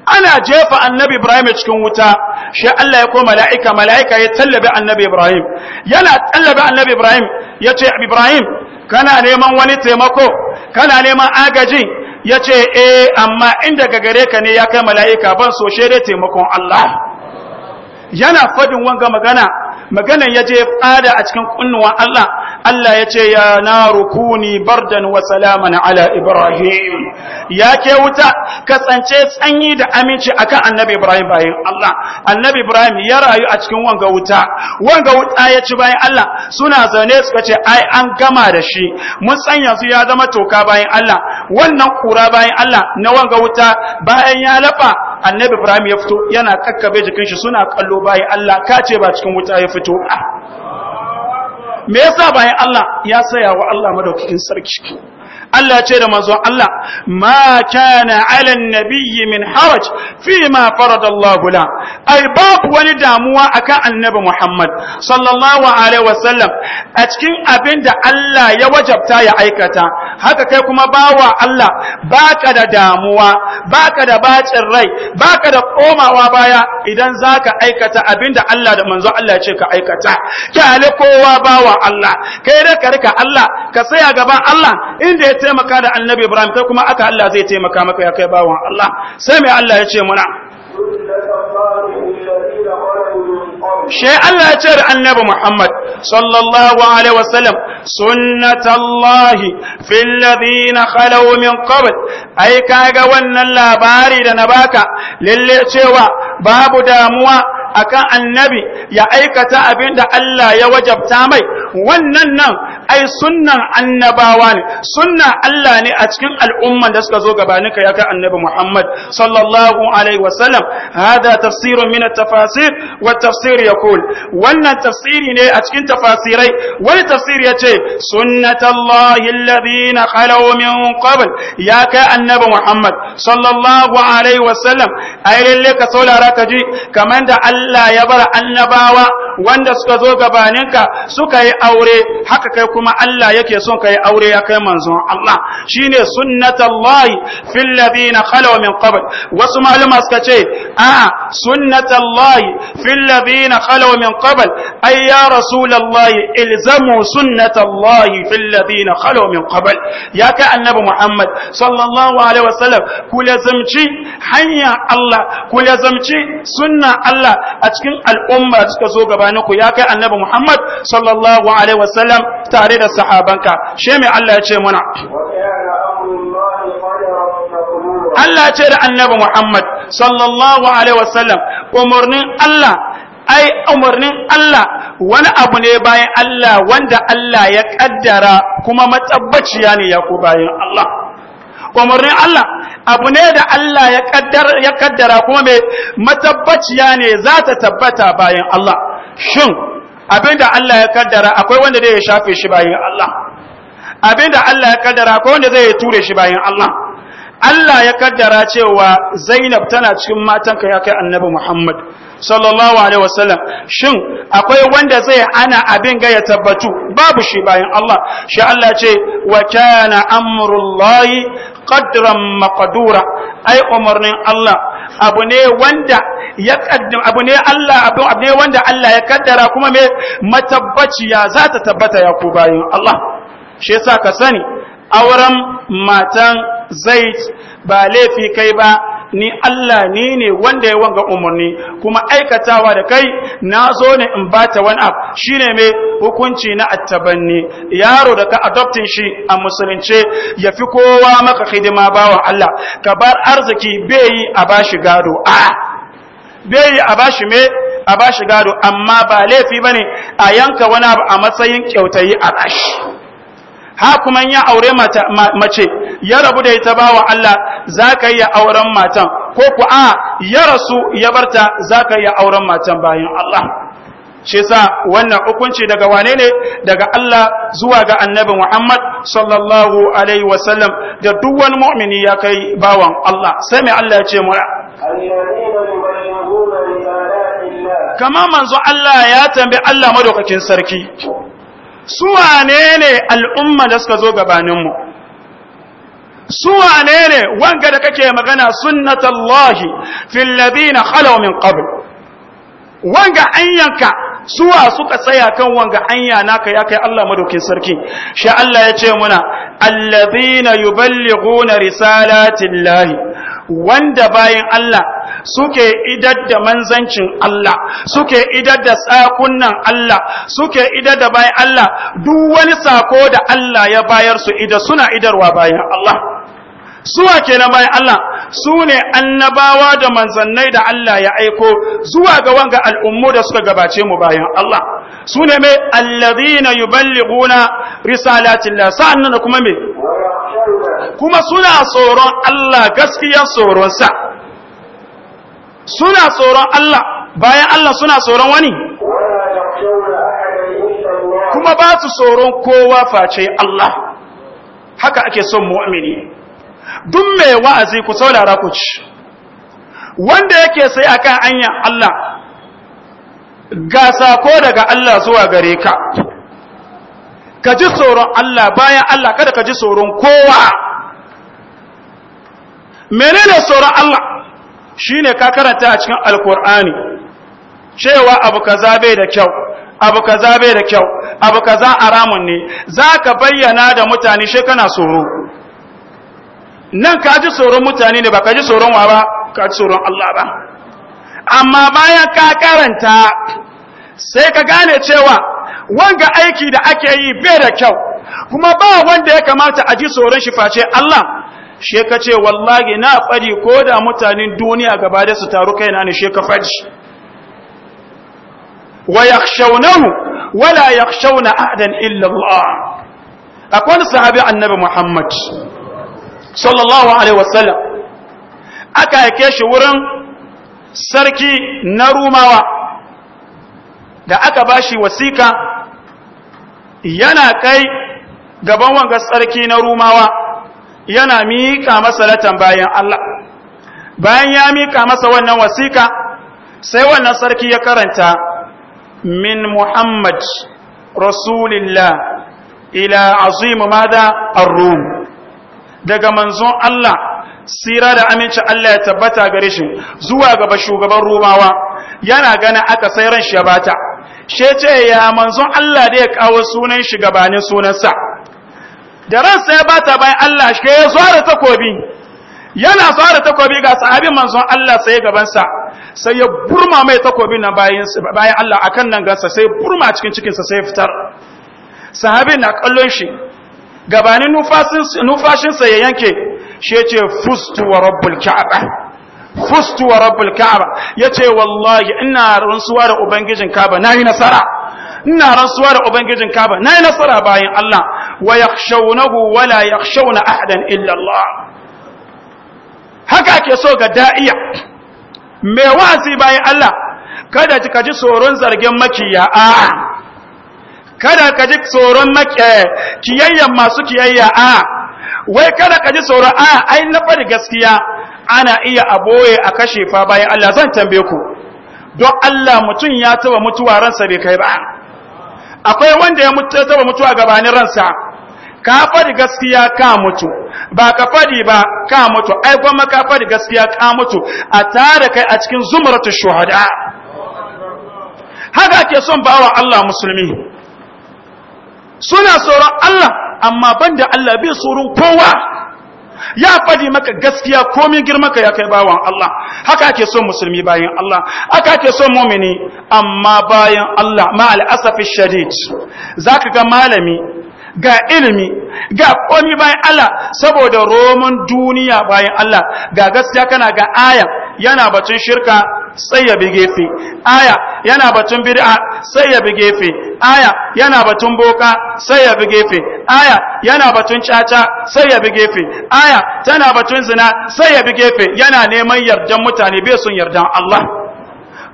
ana jefa annabi Ibrahim cikin wuta shi Allah ya koma mala'ika mala'ika ya tallabe annabi Ibrahim yana tallabe annabi Ibrahim yace Ibrahim kana neman wani taimako kana neman agajin? yace e eh, amma inda ga gare ka ne ya kai mala'ika ban so shi dai taimakon Allah yana fadin wanga magana maganan ya je fada a cikin kunnuwan Allah Allah ya ce ya naru kuni bardan wa salaman ala Ibrahim ya ke wuta kasance tsanyi da aminci akan annabi Ibrahim bayan Allah annabi Ibrahim ya rayu a cikin wanga wuta wanga wuta ya ci bayan Allah suna zaune suka ce ai an gama da shi mun san yanzu ya zama toka bayan Allah wannan kura bayan Allah na wanga wuta bayan ya lafa annabi ibrahim ya fito yana kakkabe jikin shi suna kallo bayan Allah kace ba cikin wuta ya fito ah. me yasa bayan Allah ya saya wa Allah madaukakin sarki Allah ce da manzon Allah ma kana ala nabiyyi min haraj fi ma farada Allah la ai babu wani damuwa akan annabi Muhammad sallallahu alaihi wasallam a cikin abin da Allah ya wajabta ya aikata haka kai kuma bawa Allah baka da damuwa baka da bacin rai baka da komawa baya idan zaka aikata abin da Allah da manzon Allah ya ce ka aikata kyale kowa bawa Allah kai da rika Allah ka tsaya gaban Allah inda ya taimaka da annabi Ibrahim kai kuma aka Allah zai taimaka maka ya kai bawan Allah sai mai Allah ya ce muna shi Allah ya ce da annabi Muhammad sallallahu alaihi wasallam sunnatullahi fil ladina khalaw min qabl ai kaga wannan labari da na baka lalle cewa babu damuwa akan annabi ya aikata abin da Allah ya wajabta mai wannan nan ai sunnan annabawa ne sunnan Allah ne a cikin al'umman da suka zo gabanin ya kai annabi Muhammad sallallahu alaihi wasallam hada tafsirun min at-tafasir wa tafsir yaqul wannan tafsiri ne a cikin tafasirai wani tafsir yace sunnatullahi alladhina khalaw min qabl ya kai annabi Muhammad sallallahu alaihi wasallam ai lalle ka saurara ka ji kamar da Allah ya bar annabawa wanda suka zo gabaninka suka yi aure haka kai kuma Allah yake son kai aure ya kai manzon Allah shine sunnatullahi fil ladina khalaw min qabl wasu malama suka ce a sunnatullahi fil ladina khalaw min qabl ay ya rasulullahi ilzamu sunnatullahi fil ladina khalaw min qabl ya kai annabi Muhammad sallallahu alaihi wasallam ku lazamci hanya Allah ku lazamci sunna Allah a cikin al'umma suka zo gabaninku ya kai annabi Muhammad sallallahu alaihi wasallam tare da sahabanka she mai Allah ya ce muna Allah ce da annabi Muhammad sallallahu alaihi wasallam umarnin Allah ai umarnin Allah wani abu ne bayan Allah wanda Allah ya kaddara kuma matabbaciya ne ya ku bayan Allah umarnin Allah abu ne da Allah ya kaddara ya kaddara kuma mai matabbaciya ne za ta tabbata bayan Allah shin abinda Allah ya kaddara akwai wanda zai shafe shi bayan Allah abinda Allah ya kaddara akwai wanda zai ture shi bayan Allah Allah ya kaddara cewa Zainab tana cikin matanka ya kai Annabi Muhammad sallallahu alaihi wasallam shin akwai wanda zai ana abin ga ya tabbatu babu shi bayan Allah shi Allah ce wa kana amrullahi qadran maqdura ai umarnin Allah abu ne wanda ya kaddam abu ne Allah abu ne wanda Allah ya kaddara kuma me matabbaciya za ta tabbata ya ku bayin Allah shi yasa ka sani auren matan Zaid ba laifi kai ba ni Allah ni ne wanda ya wanga umarni kuma aikatawa da kai na zo ne in bata wani abu Shi ne mai hukunci na attabanni yaro da ka adoptin shi a musulunce ya fi kowa maka hidima bawan Allah ka bar arziki bai yi a bashi gado a bai yi a bashi me a bashi gado amma ba laifi bane a yanka wani abu a matsayin kyautayi a bashi ha kuma ya aure mace ya rabu da ita bawa Allah za ka iya auren matan ko ku a ya rasu ya barta za ka iya auren matan bayan Allah shi yasa wannan hukunci daga wane ne daga Allah zuwa ga annabi Muhammad sallallahu alaihi wasallam da duk wani mu'mini ya kai bawan Allah sai mai Allah ya ce mu kama manzo Allah ya tambayi Allah madaukakin sarki su wanene ne al'umma da suka zo gabaninmu su wanene ne wanga da kake magana sunnatallahi fil ladina khalaw min wanga anyanka suwa suka tsaya kan wanga anya naka ya kai Allah madaukin sarki shi Allah ya ce muna alladhina yuballighuna risalatillahi wanda bayin Allah suke idar da manzancin Allah suke idar da tsakunan Allah suke idar da bayan Allah duk wani sako da Allah ya bayar su idar suna idarwa bayan Allah suwa kenan bayan Allah su ne annabawa da manzannai da Allah ya aiko zuwa ga wanga al'ummu da suka gabace mu bayan Allah su ne mai alladhina yuballighuna risalatillah sa'annan kuma me kuma suna tsoron Allah gaskiya tsoron sa. suna tsoron Allah bayan Allah suna tsoron wani kuma ba su tsoron kowa face Allah haka ake son mu'amini duk mai wa'azi ku saurara ku ci wanda yake sai akan anya Allah ga sako daga Allah zuwa gare ka ka ji tsoron Allah bayan Allah kada ka ji tsoron kowa menene tsoron Allah Shi ne ka karanta a cikin alkur'ani cewa abu ka zabe da kyau abu ka zabe da kyau abu ka a aramun ne Za ka bayyana da mutane shi kana tsoro nan ka ji tsoron mutane ne ba ka ji tsoron wa ba ka ji tsoron Allah ba amma bayan ka karanta sai ka gane cewa wanga aiki da ake yi bai da kyau kuma ba wanda ya kamata a ji tsoron shi face Allah she ka ce wallahi na fadi ko da mutanen duniya gaba da su taru kaina ne she ka fadi wa yakhshawnahu wala yakhshawna ahadan illa Allah akwai sahabi annabi Muhammad sallallahu alaihi wasallam aka yake shi wurin sarki na Rumawa da aka bashi wasika yana kai gaban wanga sarki na Rumawa yana miƙa masa latan bayan Allah bayan ya miƙa masa wannan wasiƙa sai wannan sarki ya karanta min Muhammad rasulillah ila azim mada ar-rum daga manzon Allah sira da aminci Allah ya tabbata gare shi zuwa gaba shugaban rumawa, yana gana aka sai ran shi ya bata she ce ya manzon Allah da ya kawo sunan shi gabanin sunansa da ransa ya bata bayan Allah shi ya zo da takobi yana zo da takobi ga sahabin manzon Allah sai gabansa sai ya burma mai takobi na bayan bayan Allah akan nan gansa sai burma cikin cikinsa sai fitar sahabin na kallon shi gabanin nufashin nufashinsa ya yanke shi ce fustu wa rabbul ka'aba fustu wa rabbul ka'aba yace wallahi ina rantsuwa da ubangijin Ka'aba nayi nasara ina rasuwa da ubangijin kaba na yi nasara bayan Allah wa yakhshawnahu wa la yakhshawna ahadan illa haka ake so ga da'iya mai wa'azi bayan Allah kada ka ji tsoron zargin makiya a, kada ka ji tsoron eh, kiyayyen masu kiyayya a, wai kada ka ji tsoron a, ai na fari gaskiya ana iya aboye a kashe fa bayan Allah zan tambaye ku don Allah mutum ya taba mutuwa ransa bai kai ba akwai wanda ya mutu taba mutuwa gabanin ransa ka faɗi gaskiya ka mutu ba ka faɗi ba ka mutu ai kuma ka faɗi gaskiya ka mutu a tare kai a cikin zumratu shuhada haka ke son bawa Allah musulmi suna tsoron Allah amma banda Allah bai tsoron kowa ya faɗi maka gaskiya komai girma ka ya kai bawan Allah haka ake son musulmi bayan Allah haka ake son mumini amma bayan Allah ma al'asafi shadid zaka ga malami ga ilimi ga komi bayan Allah saboda roman duniya bayan Allah ga gaskiya kana ga aya yana batun shirka sai ya bi gefe aya yana batun bid'a sai ya bi gefe aya yana batun boka sai ya bi gefe aya yana batun caca sai ya bi gefe aya tana batun zina sai ya bi gefe yana neman yardan mutane bai sun yarda Allah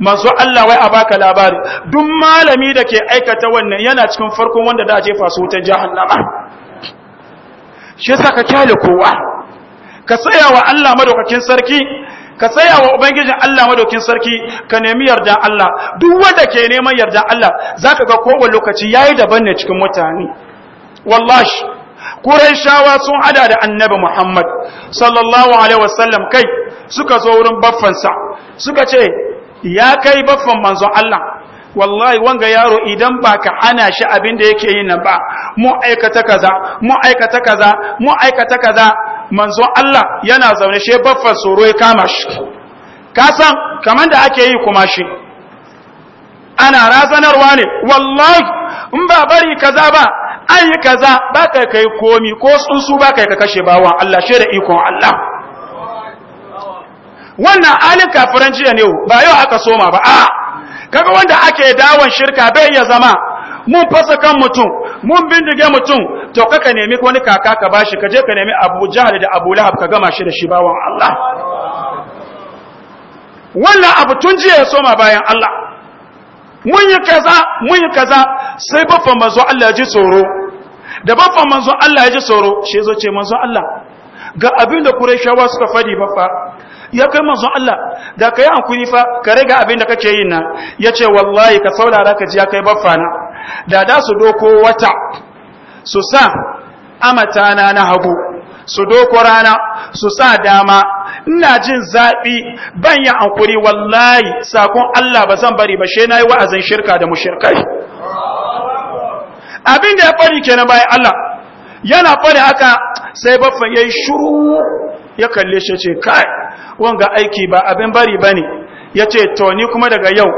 manzo Allah wai a baka labari duk malami da ke aikata wannan yana cikin farkon wanda da jefa su ta jahannama shi saka ka kyale kowa ka tsaya wa Allah madaukakin sarki ka tsaya wa ubangijin Allah madaukin sarki ka nemi yarda Allah duk wanda ke neman yarda Allah zaka ga kowane lokaci yayi daban ne cikin mutane wallahi shawa sun hada da Annabi Muhammad sallallahu alaihi wasallam kai suka zo wurin baffansa suka ce ya kai baffan manzon Allah wallahi wanga yaro idan ba ka ana shi abin da yake yin nan ba mu aikata kaza mu aikata kaza mu aikata kaza manzon Allah yana zaune shi baffar tsoro ya kama shi kasan kamar da ake yi kuma shi ana razanarwa ne wallahi in ba bari kaza ba an kaza ba kai kai komi ko tsunsu ba kai ka kashe bawan Allah shi da ikon Allah wannan alin kafiran jiya ne ba yau aka soma ba a kaga wanda ake dawon shirka bai ya zama mun fasa kan mutum mun bindige mutum to ka nemi wani kaka ka bashi ka je ka nemi Abu Jahl da Abu Lahab ka gama shi da shi bawan Allah wannan abu tun jiya ya soma bayan Allah mun yi kaza mun yi kaza sai baffan manzo Allah ya ji tsoro da baffan manzo Allah ya ji tsoro shi zo ce manzo Allah ga abin da Qurayshawa suka fadi baffa ya kai manzo Allah da ka yi hankuri fa ka rage abin da kake yi na ya ce wallahi ka saurara ka ji ya kai baffa na. da da su doko wata su sa amatana na hagu su doko rana su sa dama ina jin zaɓi ban yi ankuri wallahi sakon Allah ba zan bari ba she na yi wa'azin shirka da mushirkai abin da ya fari kenan bayan Allah yana fari haka sai baffan ya yi shuru ya kalle shi ce kai wanga aiki ba abin bari ba ne ya to ni kuma daga yau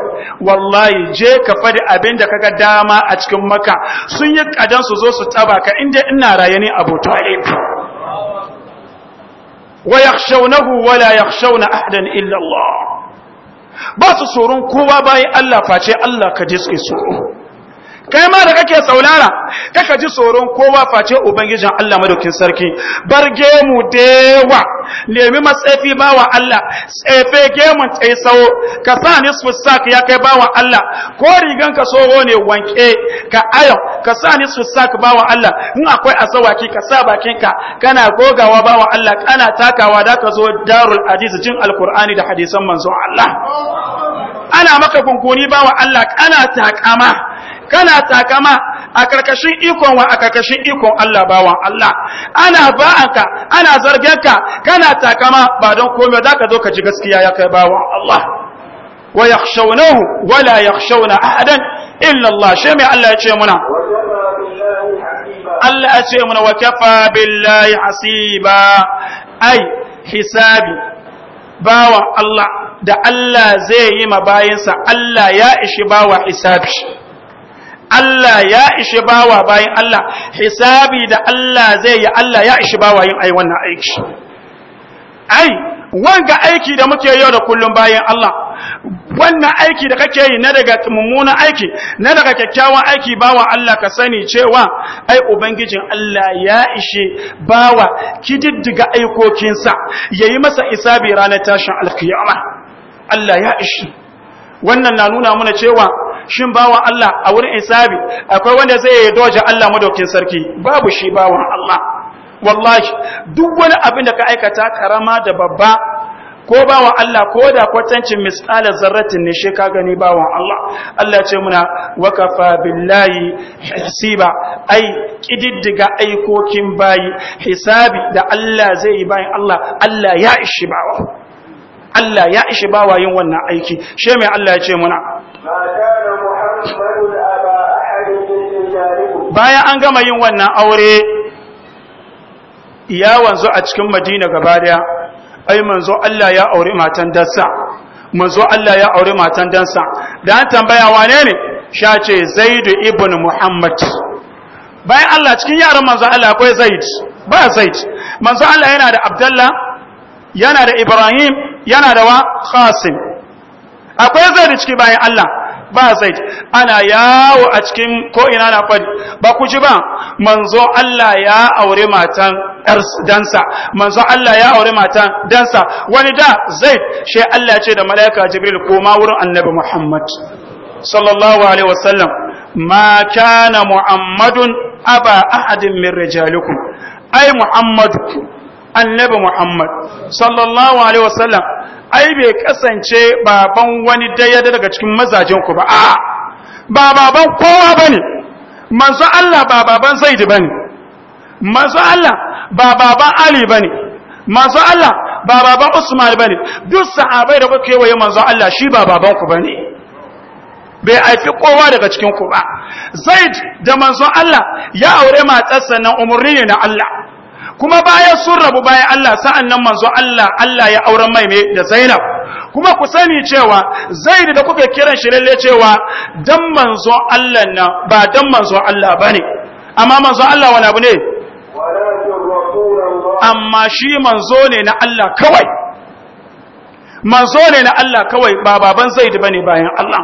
wallahi je ka faɗi abin da kaga dama a cikin maka sun yi kadan su zo su taba ka inda ina raye ne abu talib wa yakhshawnahu wa la yakhshawna ahadan illa Allah ba su tsoron kowa bayan Allah face Allah ka ji tsoro kai ma da kake saulara kaka ji tsoron kowa face ubangijin Allah madaukin sarki bar gemu dewa nemi matsafi bawa Allah tsefe gemun tsai sawo ka sa nisfu sak ya kai bawa Allah ko rigan ka soho ne wanke ka ayon ka sa nisfu sak bawa Allah in akwai asawaki ka sa bakin ka kana gogawa bawa Allah kana takawa da ka zo darul aziz jin alqur'ani da hadisan manzo Allah ana maka gunguni bawa Allah kana takama kana takama a ƙarƙashin ikon wa a ƙarƙashin ikon Allah bawan Allah ana ba'anka ana ka kana takama ba don komai za ka zo ka ji gaskiya ya kai bawan Allah wa yakhshawnahu wa la yakhshawna ahadan illa Allah shi mai Allah ya ce muna Allah ya ce muna wa kafa billahi hasiba ai hisabi bawan Allah da Allah zai yi ma bayinsa Allah ya ishi bawa hisabi Allah ya ishe bawa bayan Allah hisabi da Allah zai yi Allah ya ishe bawa yin ai wannan aiki ai wanga aiki da muke yau da kullum bayan Allah wannan aiki da kake yi na daga mummunan aiki na daga kyakkyawan aiki bawa Allah ka sani cewa ai ubangijin Allah ya ishe bawa kididdiga aikokinsa yi masa isabi ranar tashin alkiyama Allah ya ishe wannan na nuna mana cewa shin bawan Allah a wurin isabi akwai wanda zai yi doje Allah madaukin sarki babu shi bawan Allah wallahi duk wani abin da ka aikata karama da babba ko bawan Allah ko da kwatancin misalar zarratin ne shi ka gani bawan Allah Allah ce muna wakafa billahi hisiba ai kididdiga aikokin bayi hisabi da Allah zai yi bayan Allah Allah ya ishi bawa Allah ya ishi bawa yin wannan aiki shi mai Allah ya ce muna bayan an gama yin wannan aure ya wanzu a cikin madina gaba daya ai manzo Allah ya aure matan dansa manzo Allah ya aure matan dansa da an tambaya wane ne sha ce zaidu ibn muhammad bayan Allah cikin yaran manzo Allah akwai zaid ba zaid manzo Allah yana da Abdullah, yana da ibrahim yana da wa khasim akwai zaid ciki bayan Allah Ba basait ana yawo a cikin ko ina na fadi ba ku ji ba manzo Allah ya aure matan dansa manzo Allah ya aure matan dansa wani da zai shi Allah ya ce da malaika jibril koma wurin annabi Muhammad sallallahu alaihi wasallam ma kana muhammadun aba ahadin min rijalikum ai muhammadu annabi muhammad sallallahu alaihi wasallam ai bai kasance baban wani daya daga cikin mazajen ku ba A'a ba baban kowa bane manzo Allah ba baban Zaid bane manzo Allah ba baban Ali bane manzo Allah ba baban Usman bane duk sahabbai da kuke waye manzo Allah shi ba baban ku bane bai haifi kowa daga cikin ku ba zaid da manzo Allah ya aure matarsa sannan umurni ne na Allah kuma bayan sun rabu bayan Allah sa'an nan manzo Allah Allah ya auren mai ne da Zainab kuma ku sani cewa zai da kuka kiran shi lalle cewa don manzo Allah na ba don manzo Allah bane amma manzo Allah wala abu ne amma shi manzo ne na Allah kawai manzo ne na Allah kawai ba baban zai da bane bayan Allah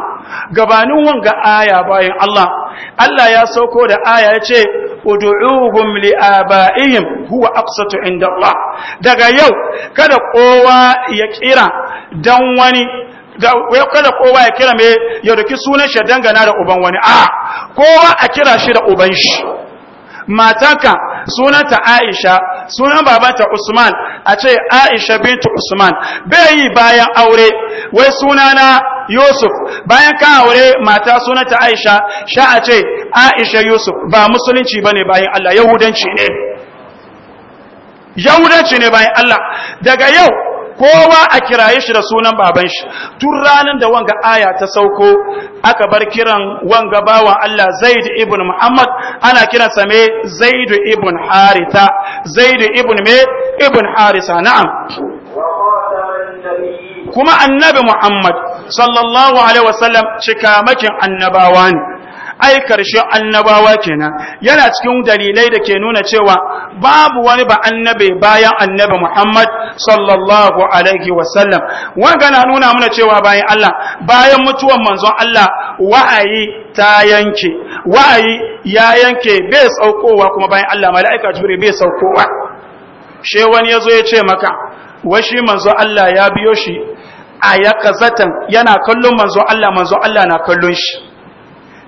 gabanin wanga aya bayan Allah Allah ya sauko da aya ya ce ud'uhum لآبائهم هو huwa عند الله دقا daga yau kada kowa ya kira dan kada kowa ya kira me ya sunan shi dangana da uban wani a kowa a kira shi da uban shi matanka sunanta Aisha sunan babanta Usman a ce Aisha bintu Usman bai yi bayan aure wai suna na Yusuf bayan ka aure mata sunanta Aisha sha a ce Aisha Yusuf ba musulunci bane bayan Allah yahudanci ne yahudanci ne bayan Allah daga yau kowa a kiraye shi da sunan baban shi tun ranar da wanga aya ta sauko aka bar kiran wanga bawan Allah Zaid ibn Muhammad ana kiransa me Zaid ibn Haritha Zaid ibn me ibn Haritha na'am kuma annabi Muhammad sallallahu alaihi wasallam cikamakin annabawa ne ai karshen annabawa kenan yana cikin dalilai da ke nuna cewa babu wani ba annabe bayan annabi Muhammad sallallahu alaihi wasallam wanga na nuna mana cewa bayan Allah bayan mutuwan manzon Allah wa'ayi ta yanke wa'ayi ya yanke bai saukowa kuma bayan Allah mala'ika jibril bai saukowa she wani yazo ya ce maka washi manzon Allah ya biyo shi a yakazatan yana kallon manzon Allah manzon Allah na kallon shi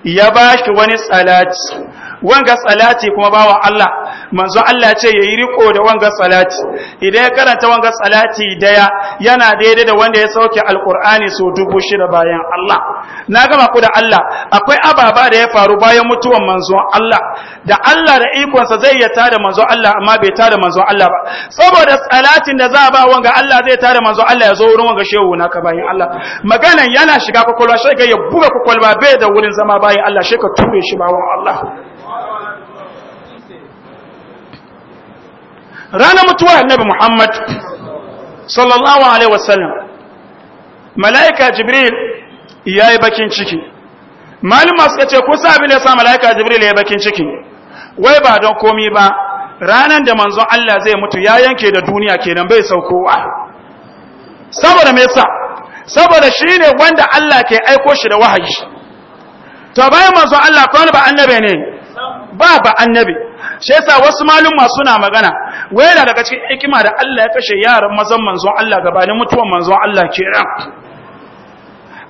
ya ba shi wani salati wanga salati kuma bawa Allah manzo Allah ya ce yayi riko da wanga salati idan ya karanta wanga salati daya yana daidai da wanda ya sauke alqur'ani so dubu shida bayan Allah na gama ku da Allah akwai ababa da ya faru bayan mutuwan manzo Allah da Allah da ikonsa zai ya tada manzo Allah amma bai tada manzo Allah ba saboda salatin da za a ba wanga Allah zai tada manzo Allah ya zo wurin wanga shehu na ka bayan Allah maganan yana shiga kwakwalwa shi ya buga kwakwalwa bai da wurin zama bayan Allah shi ka ture shi bawan Allah ranar mutuwa annabi muhammad sallallahu alaihi wasallam mala'ika jibril ya bakin ciki malama suka ce kusa abin ne sa mala'ika jibril ya bakin ciki wai ba don komi ba ranan da manzon Allah zai mutu ya yanke da duniya kenan bai saukowa saboda me yasa saboda shine wanda Allah ke aiko shi da wahayi to bayan manzon Allah kawai ba annabi ne ba ba annabi shi yasa wasu malumma suna magana wai daga cikin hikima da Allah ya kashe yaran mazan manzon Allah gabanin mutuwan manzon Allah kenan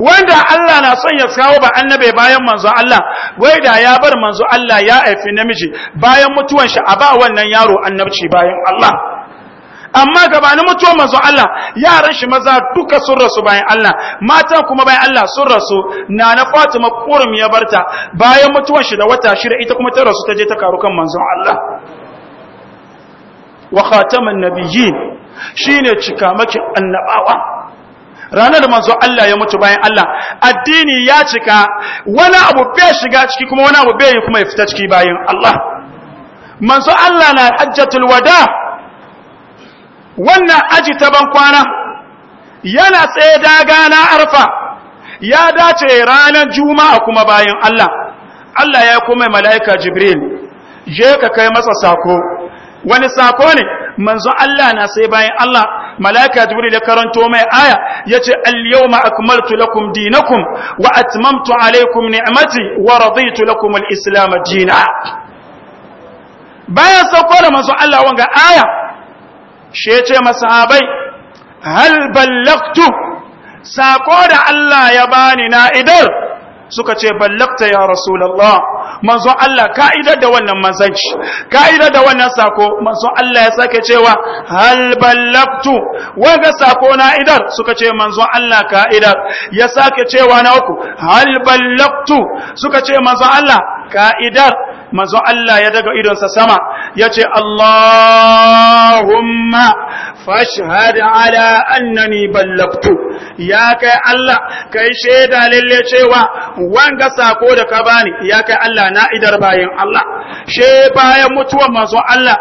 wanda Allah na son ya kawo ba annabe bayan manzo Allah wai da ya bar manzo Allah ya aifi namiji bayan mutuwan shi a ba wannan yaro annabci bayan Allah amma gabanin mutuwar manzo Allah yaran shi maza duka sun rasu bayan Allah matan kuma bayan Allah sun rasu na na Fatima kurum ya barta bayan mutuwar shi da wata shida ita kuma ta rasu ta je ta karu kan manzo Allah wa khataman nabiyyin shine maki annabawa ranar da manzo Allah ya mutu bayan Allah addini ya cika wani abu bai shiga ciki kuma wani abu bai kuma ya fita ciki bayan Allah manzo Allah na hajjatul wada' wannan aji ta ban kwana yana tsaye daga na arfa ya dace ranar juma'a kuma bayan Allah Allah ya kuma mala'ika jibril je ka kai masa sako wani sako ne manzo Allah na sai bayan Allah malaika jibril ya karanto mai aya yace al-yawma akmaltu lakum dinakum wa atmamtu alaykum ni'mati wa raditu lakum al-islam dinan bayan sako da manzo Allah wanga aya shi ya ce masahabai hal ballaktu sako da Allah ya bani na idar suka ce ballakta ya rasulallah manzon Allah ka'idar da wannan manzanci ka'idar da wannan sako manzon Allah ya sake cewa hal ballaktu wanda sako na idar suka ce manzon Allah ka'idar ya sake cewa na uku hal ballaktu suka ce manzon Allah ka'idar manzon Allah ya daga idonsa sama ya ce Allahumma fashhad ala annani ballagtu ya kai Allah kai shaida lalle cewa wanga sako da ka bani ya kai Allah na idar bayin Allah she bayan mutuwar manzo Allah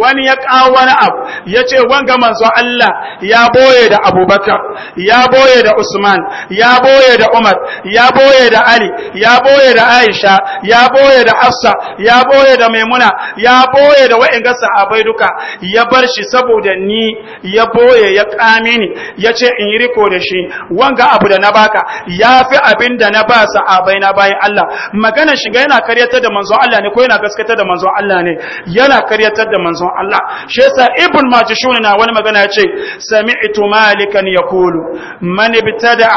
wani ya kawo wani abu ya ce wanga manzo Allah ya boye da abubakar ya boye da usman ya boye da umar ya boye da ali ya boye da aisha ya boye da hafsa ya boye da maimuna ya boye da wa'inga sahabai duka ya bar shi saboda ni ya boye ya kame ni ya ce in yi riko da shi wanga abu da na baka yafi abin da na ba a na bayan Allah magana shiga yana karyatar da manzon Allah ne ko yana gaskata da manzon Allah ne yana karyatar da manzon Allah shi yasa ibn majishun na wani magana yace sami'tu malikan yaqulu man ibtada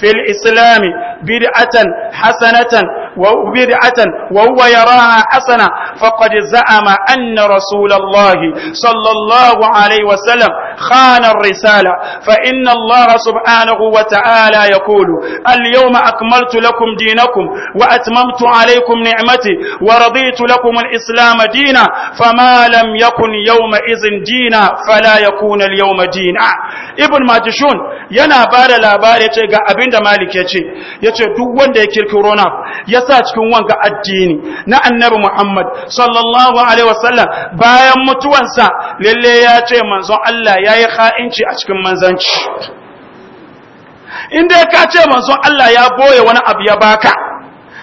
fil islam bid'atan hasanatan wa bid'atan wa huwa yaraha hasana faqad za'ama anna rasulallahi sallallahu alaihi wasallam khana ar-risala fa inna Allah subhanahu سبحانه وتعالى يقول اليوم أكملت لكم دينكم وأتممت عليكم نعمتي ورضيت لكم الإسلام دينا فما لم يكن يومئذ دينا فلا يكون اليوم yana ba da labari ce ga abin da malik ya ce ya ce duk wanda ya kirkiro na ya sa cikin wanga addini na annabi muhammad sallallahu alaihi wasallam bayan mutuwansa lalle ya ce manzon allah ya yi a cikin manzanci inda ka ce manzon Allah ya boye wani abu ya baka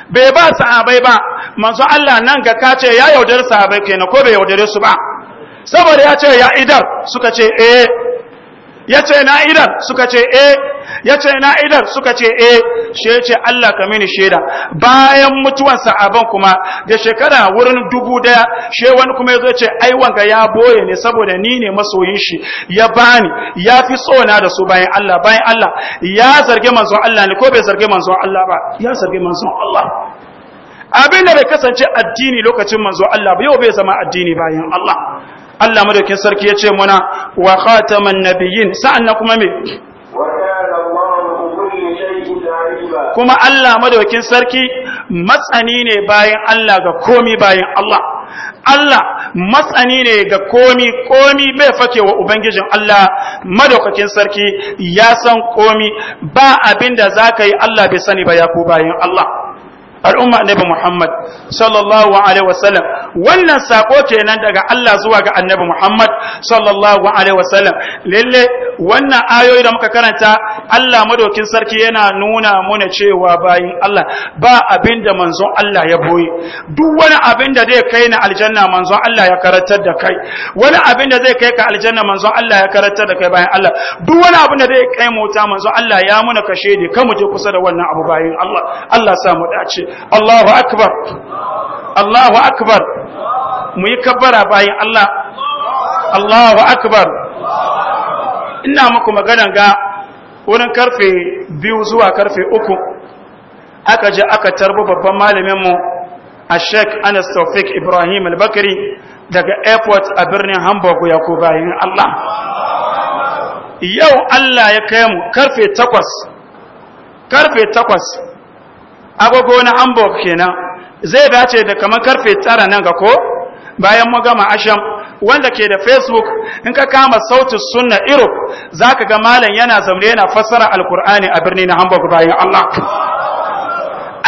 bai ba sahabai ba manzon Allah nan ga ka ce ya yaudar sahabai kenan ko bai yaudare su ba saboda ya ce ya idar suka ce eh ya ce na idar suka ce eh ya ce na idar suka ce eh shi ya ce Allah ka mini shaida bayan mutuwan sa'aban kuma da shekara wurin dubu daya shi wani kuma ya zo ce ai wanga ya boye ne saboda ni ne masoyin shi ya bani ya fi tsona da su bayan Allah bayan Allah ya zarge manzo Allah ne ko bai zarge manzo Allah ba ya zarge manzo Allah abin da bai kasance addini lokacin manzo Allah ba yau bai zama addini bayan Allah Allah madaukin sarki ya ce muna wa khataman nabiyyin sa'an kuma me kuma Allah madaukin sarki matsani ne bayan Allah ga komi bayan Allah Allah matsani ne ga komi komi bai fake wa ubangijin Allah madaukakin sarki ya san komi ba abinda zaka yi Allah bai sani ba ya ku bayan Allah al'umma annabi Muhammad sallallahu alaihi wasallam wannan sako kenan daga Allah zuwa ga annabi Muhammad sallallahu alaihi wasallam lalle wannan ayoyi da muka karanta Allah madaukin sarki yana nuna mana cewa bayin Allah ba abinda da manzon Allah ya boye duk wani abinda zai kai na aljanna manzon Allah ya karantar da kai wani abinda zai kai ka aljanna manzon Allah ya karantar da kai bayan Allah duk wani abinda zai kai mota manzon Allah ya muna kashe da kamu je kusa da wannan abu bayin Allah Allah sa mu dace Allahu akbar Allahu akbar mu yi kabbara bayan Allah Allahu akbar ina muku magana ga wurin karfe biyu zuwa karfe uku aka je aka tarbi babban malaminmu a sheik anas taufik ibrahim albakari daga airport a birnin hamburg ya ku bayan Allah yau Allah ya kai mu karfe takwas karfe takwas agogo na hamburg kenan zai dace da kamar karfe tara nan ga ko bayan mu gama asham wanda ke da facebook in ka kama sautin sunna europe za ka ga malam yana zamre yana fassara alkur'ani a birni na hamburg bayan allah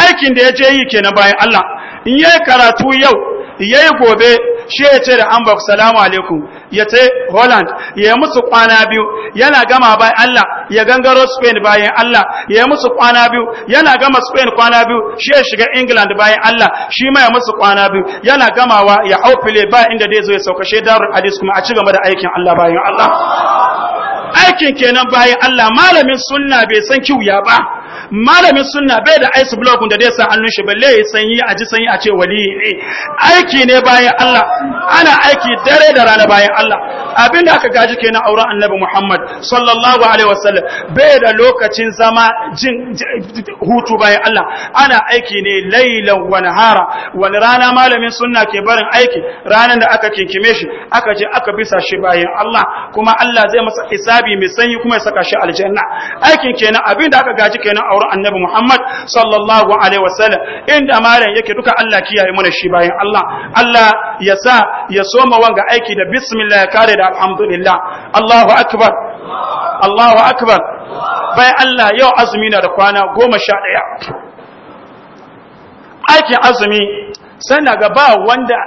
aikin da ya je yi kenan bayan allah in yi karatu yau yayi gobe shi ya ce da hamburg salamu alaikum ya ce Holland ya musu kwana biyu yana gama bayan Allah ya gangaro Spain bayan Allah ya musu kwana biyu yana gama Spain kwana biyu shi ya shiga England bayan Allah shi ma ya musu kwana biyu yana gamawa ya haufile ba inda dai zo ya sauka shi da hadis kuma a ci gaba da aikin Allah bayan Allah aikin kenan bayan Allah malamin sunna bai san kiwuya ba malamin sunna bai da ice block da dai sa hannun shi balle ya sanyi a ji sanyi a ce wali aiki ne bayan Allah ana aiki dare da rana bayan Allah abinda aka gaji kenan auren annabi Muhammad sallallahu alaihi wasallam bai da lokacin zama jin hutu bayan Allah ana aiki ne lailan wa nahara wani rana malamin sunna ke barin aiki ranan da aka kinkime shi aka ce aka bisa shi bayan Allah kuma Allah zai masa hisabi mai sanyi kuma ya saka shi aljanna aikin kenan abinda aka gaji kenan auri annabi Muhammad sallallahu alaihi wasallam inda malam yake duka Allah kiyaye mana shi bayan Allah Allah ya sa ya soma wanga aiki da bismillah ya kare da alhamdulillah Allahu akbar Allahu akbar bai Allah yau azumi na da kwana goma sha ɗaya aikin azumi sai gaba ba wanda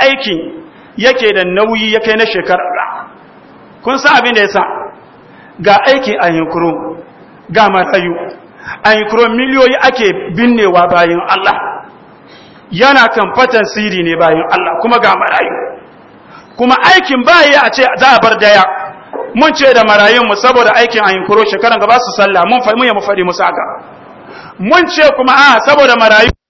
aikin yake da nauyi ya kai na shekara kun sa abin da ya sa ga aiki a yankuru ga marayu an miliyoyi ake binnewa bayan Allah yana kan fatan siri ne bayan Allah kuma ga marayu kuma aikin baya a ce za a bar daya mun ce da marayunmu saboda aikin an shekaran gaba su sallah mun ya mu faɗi musu mun ce kuma a ah, saboda marayu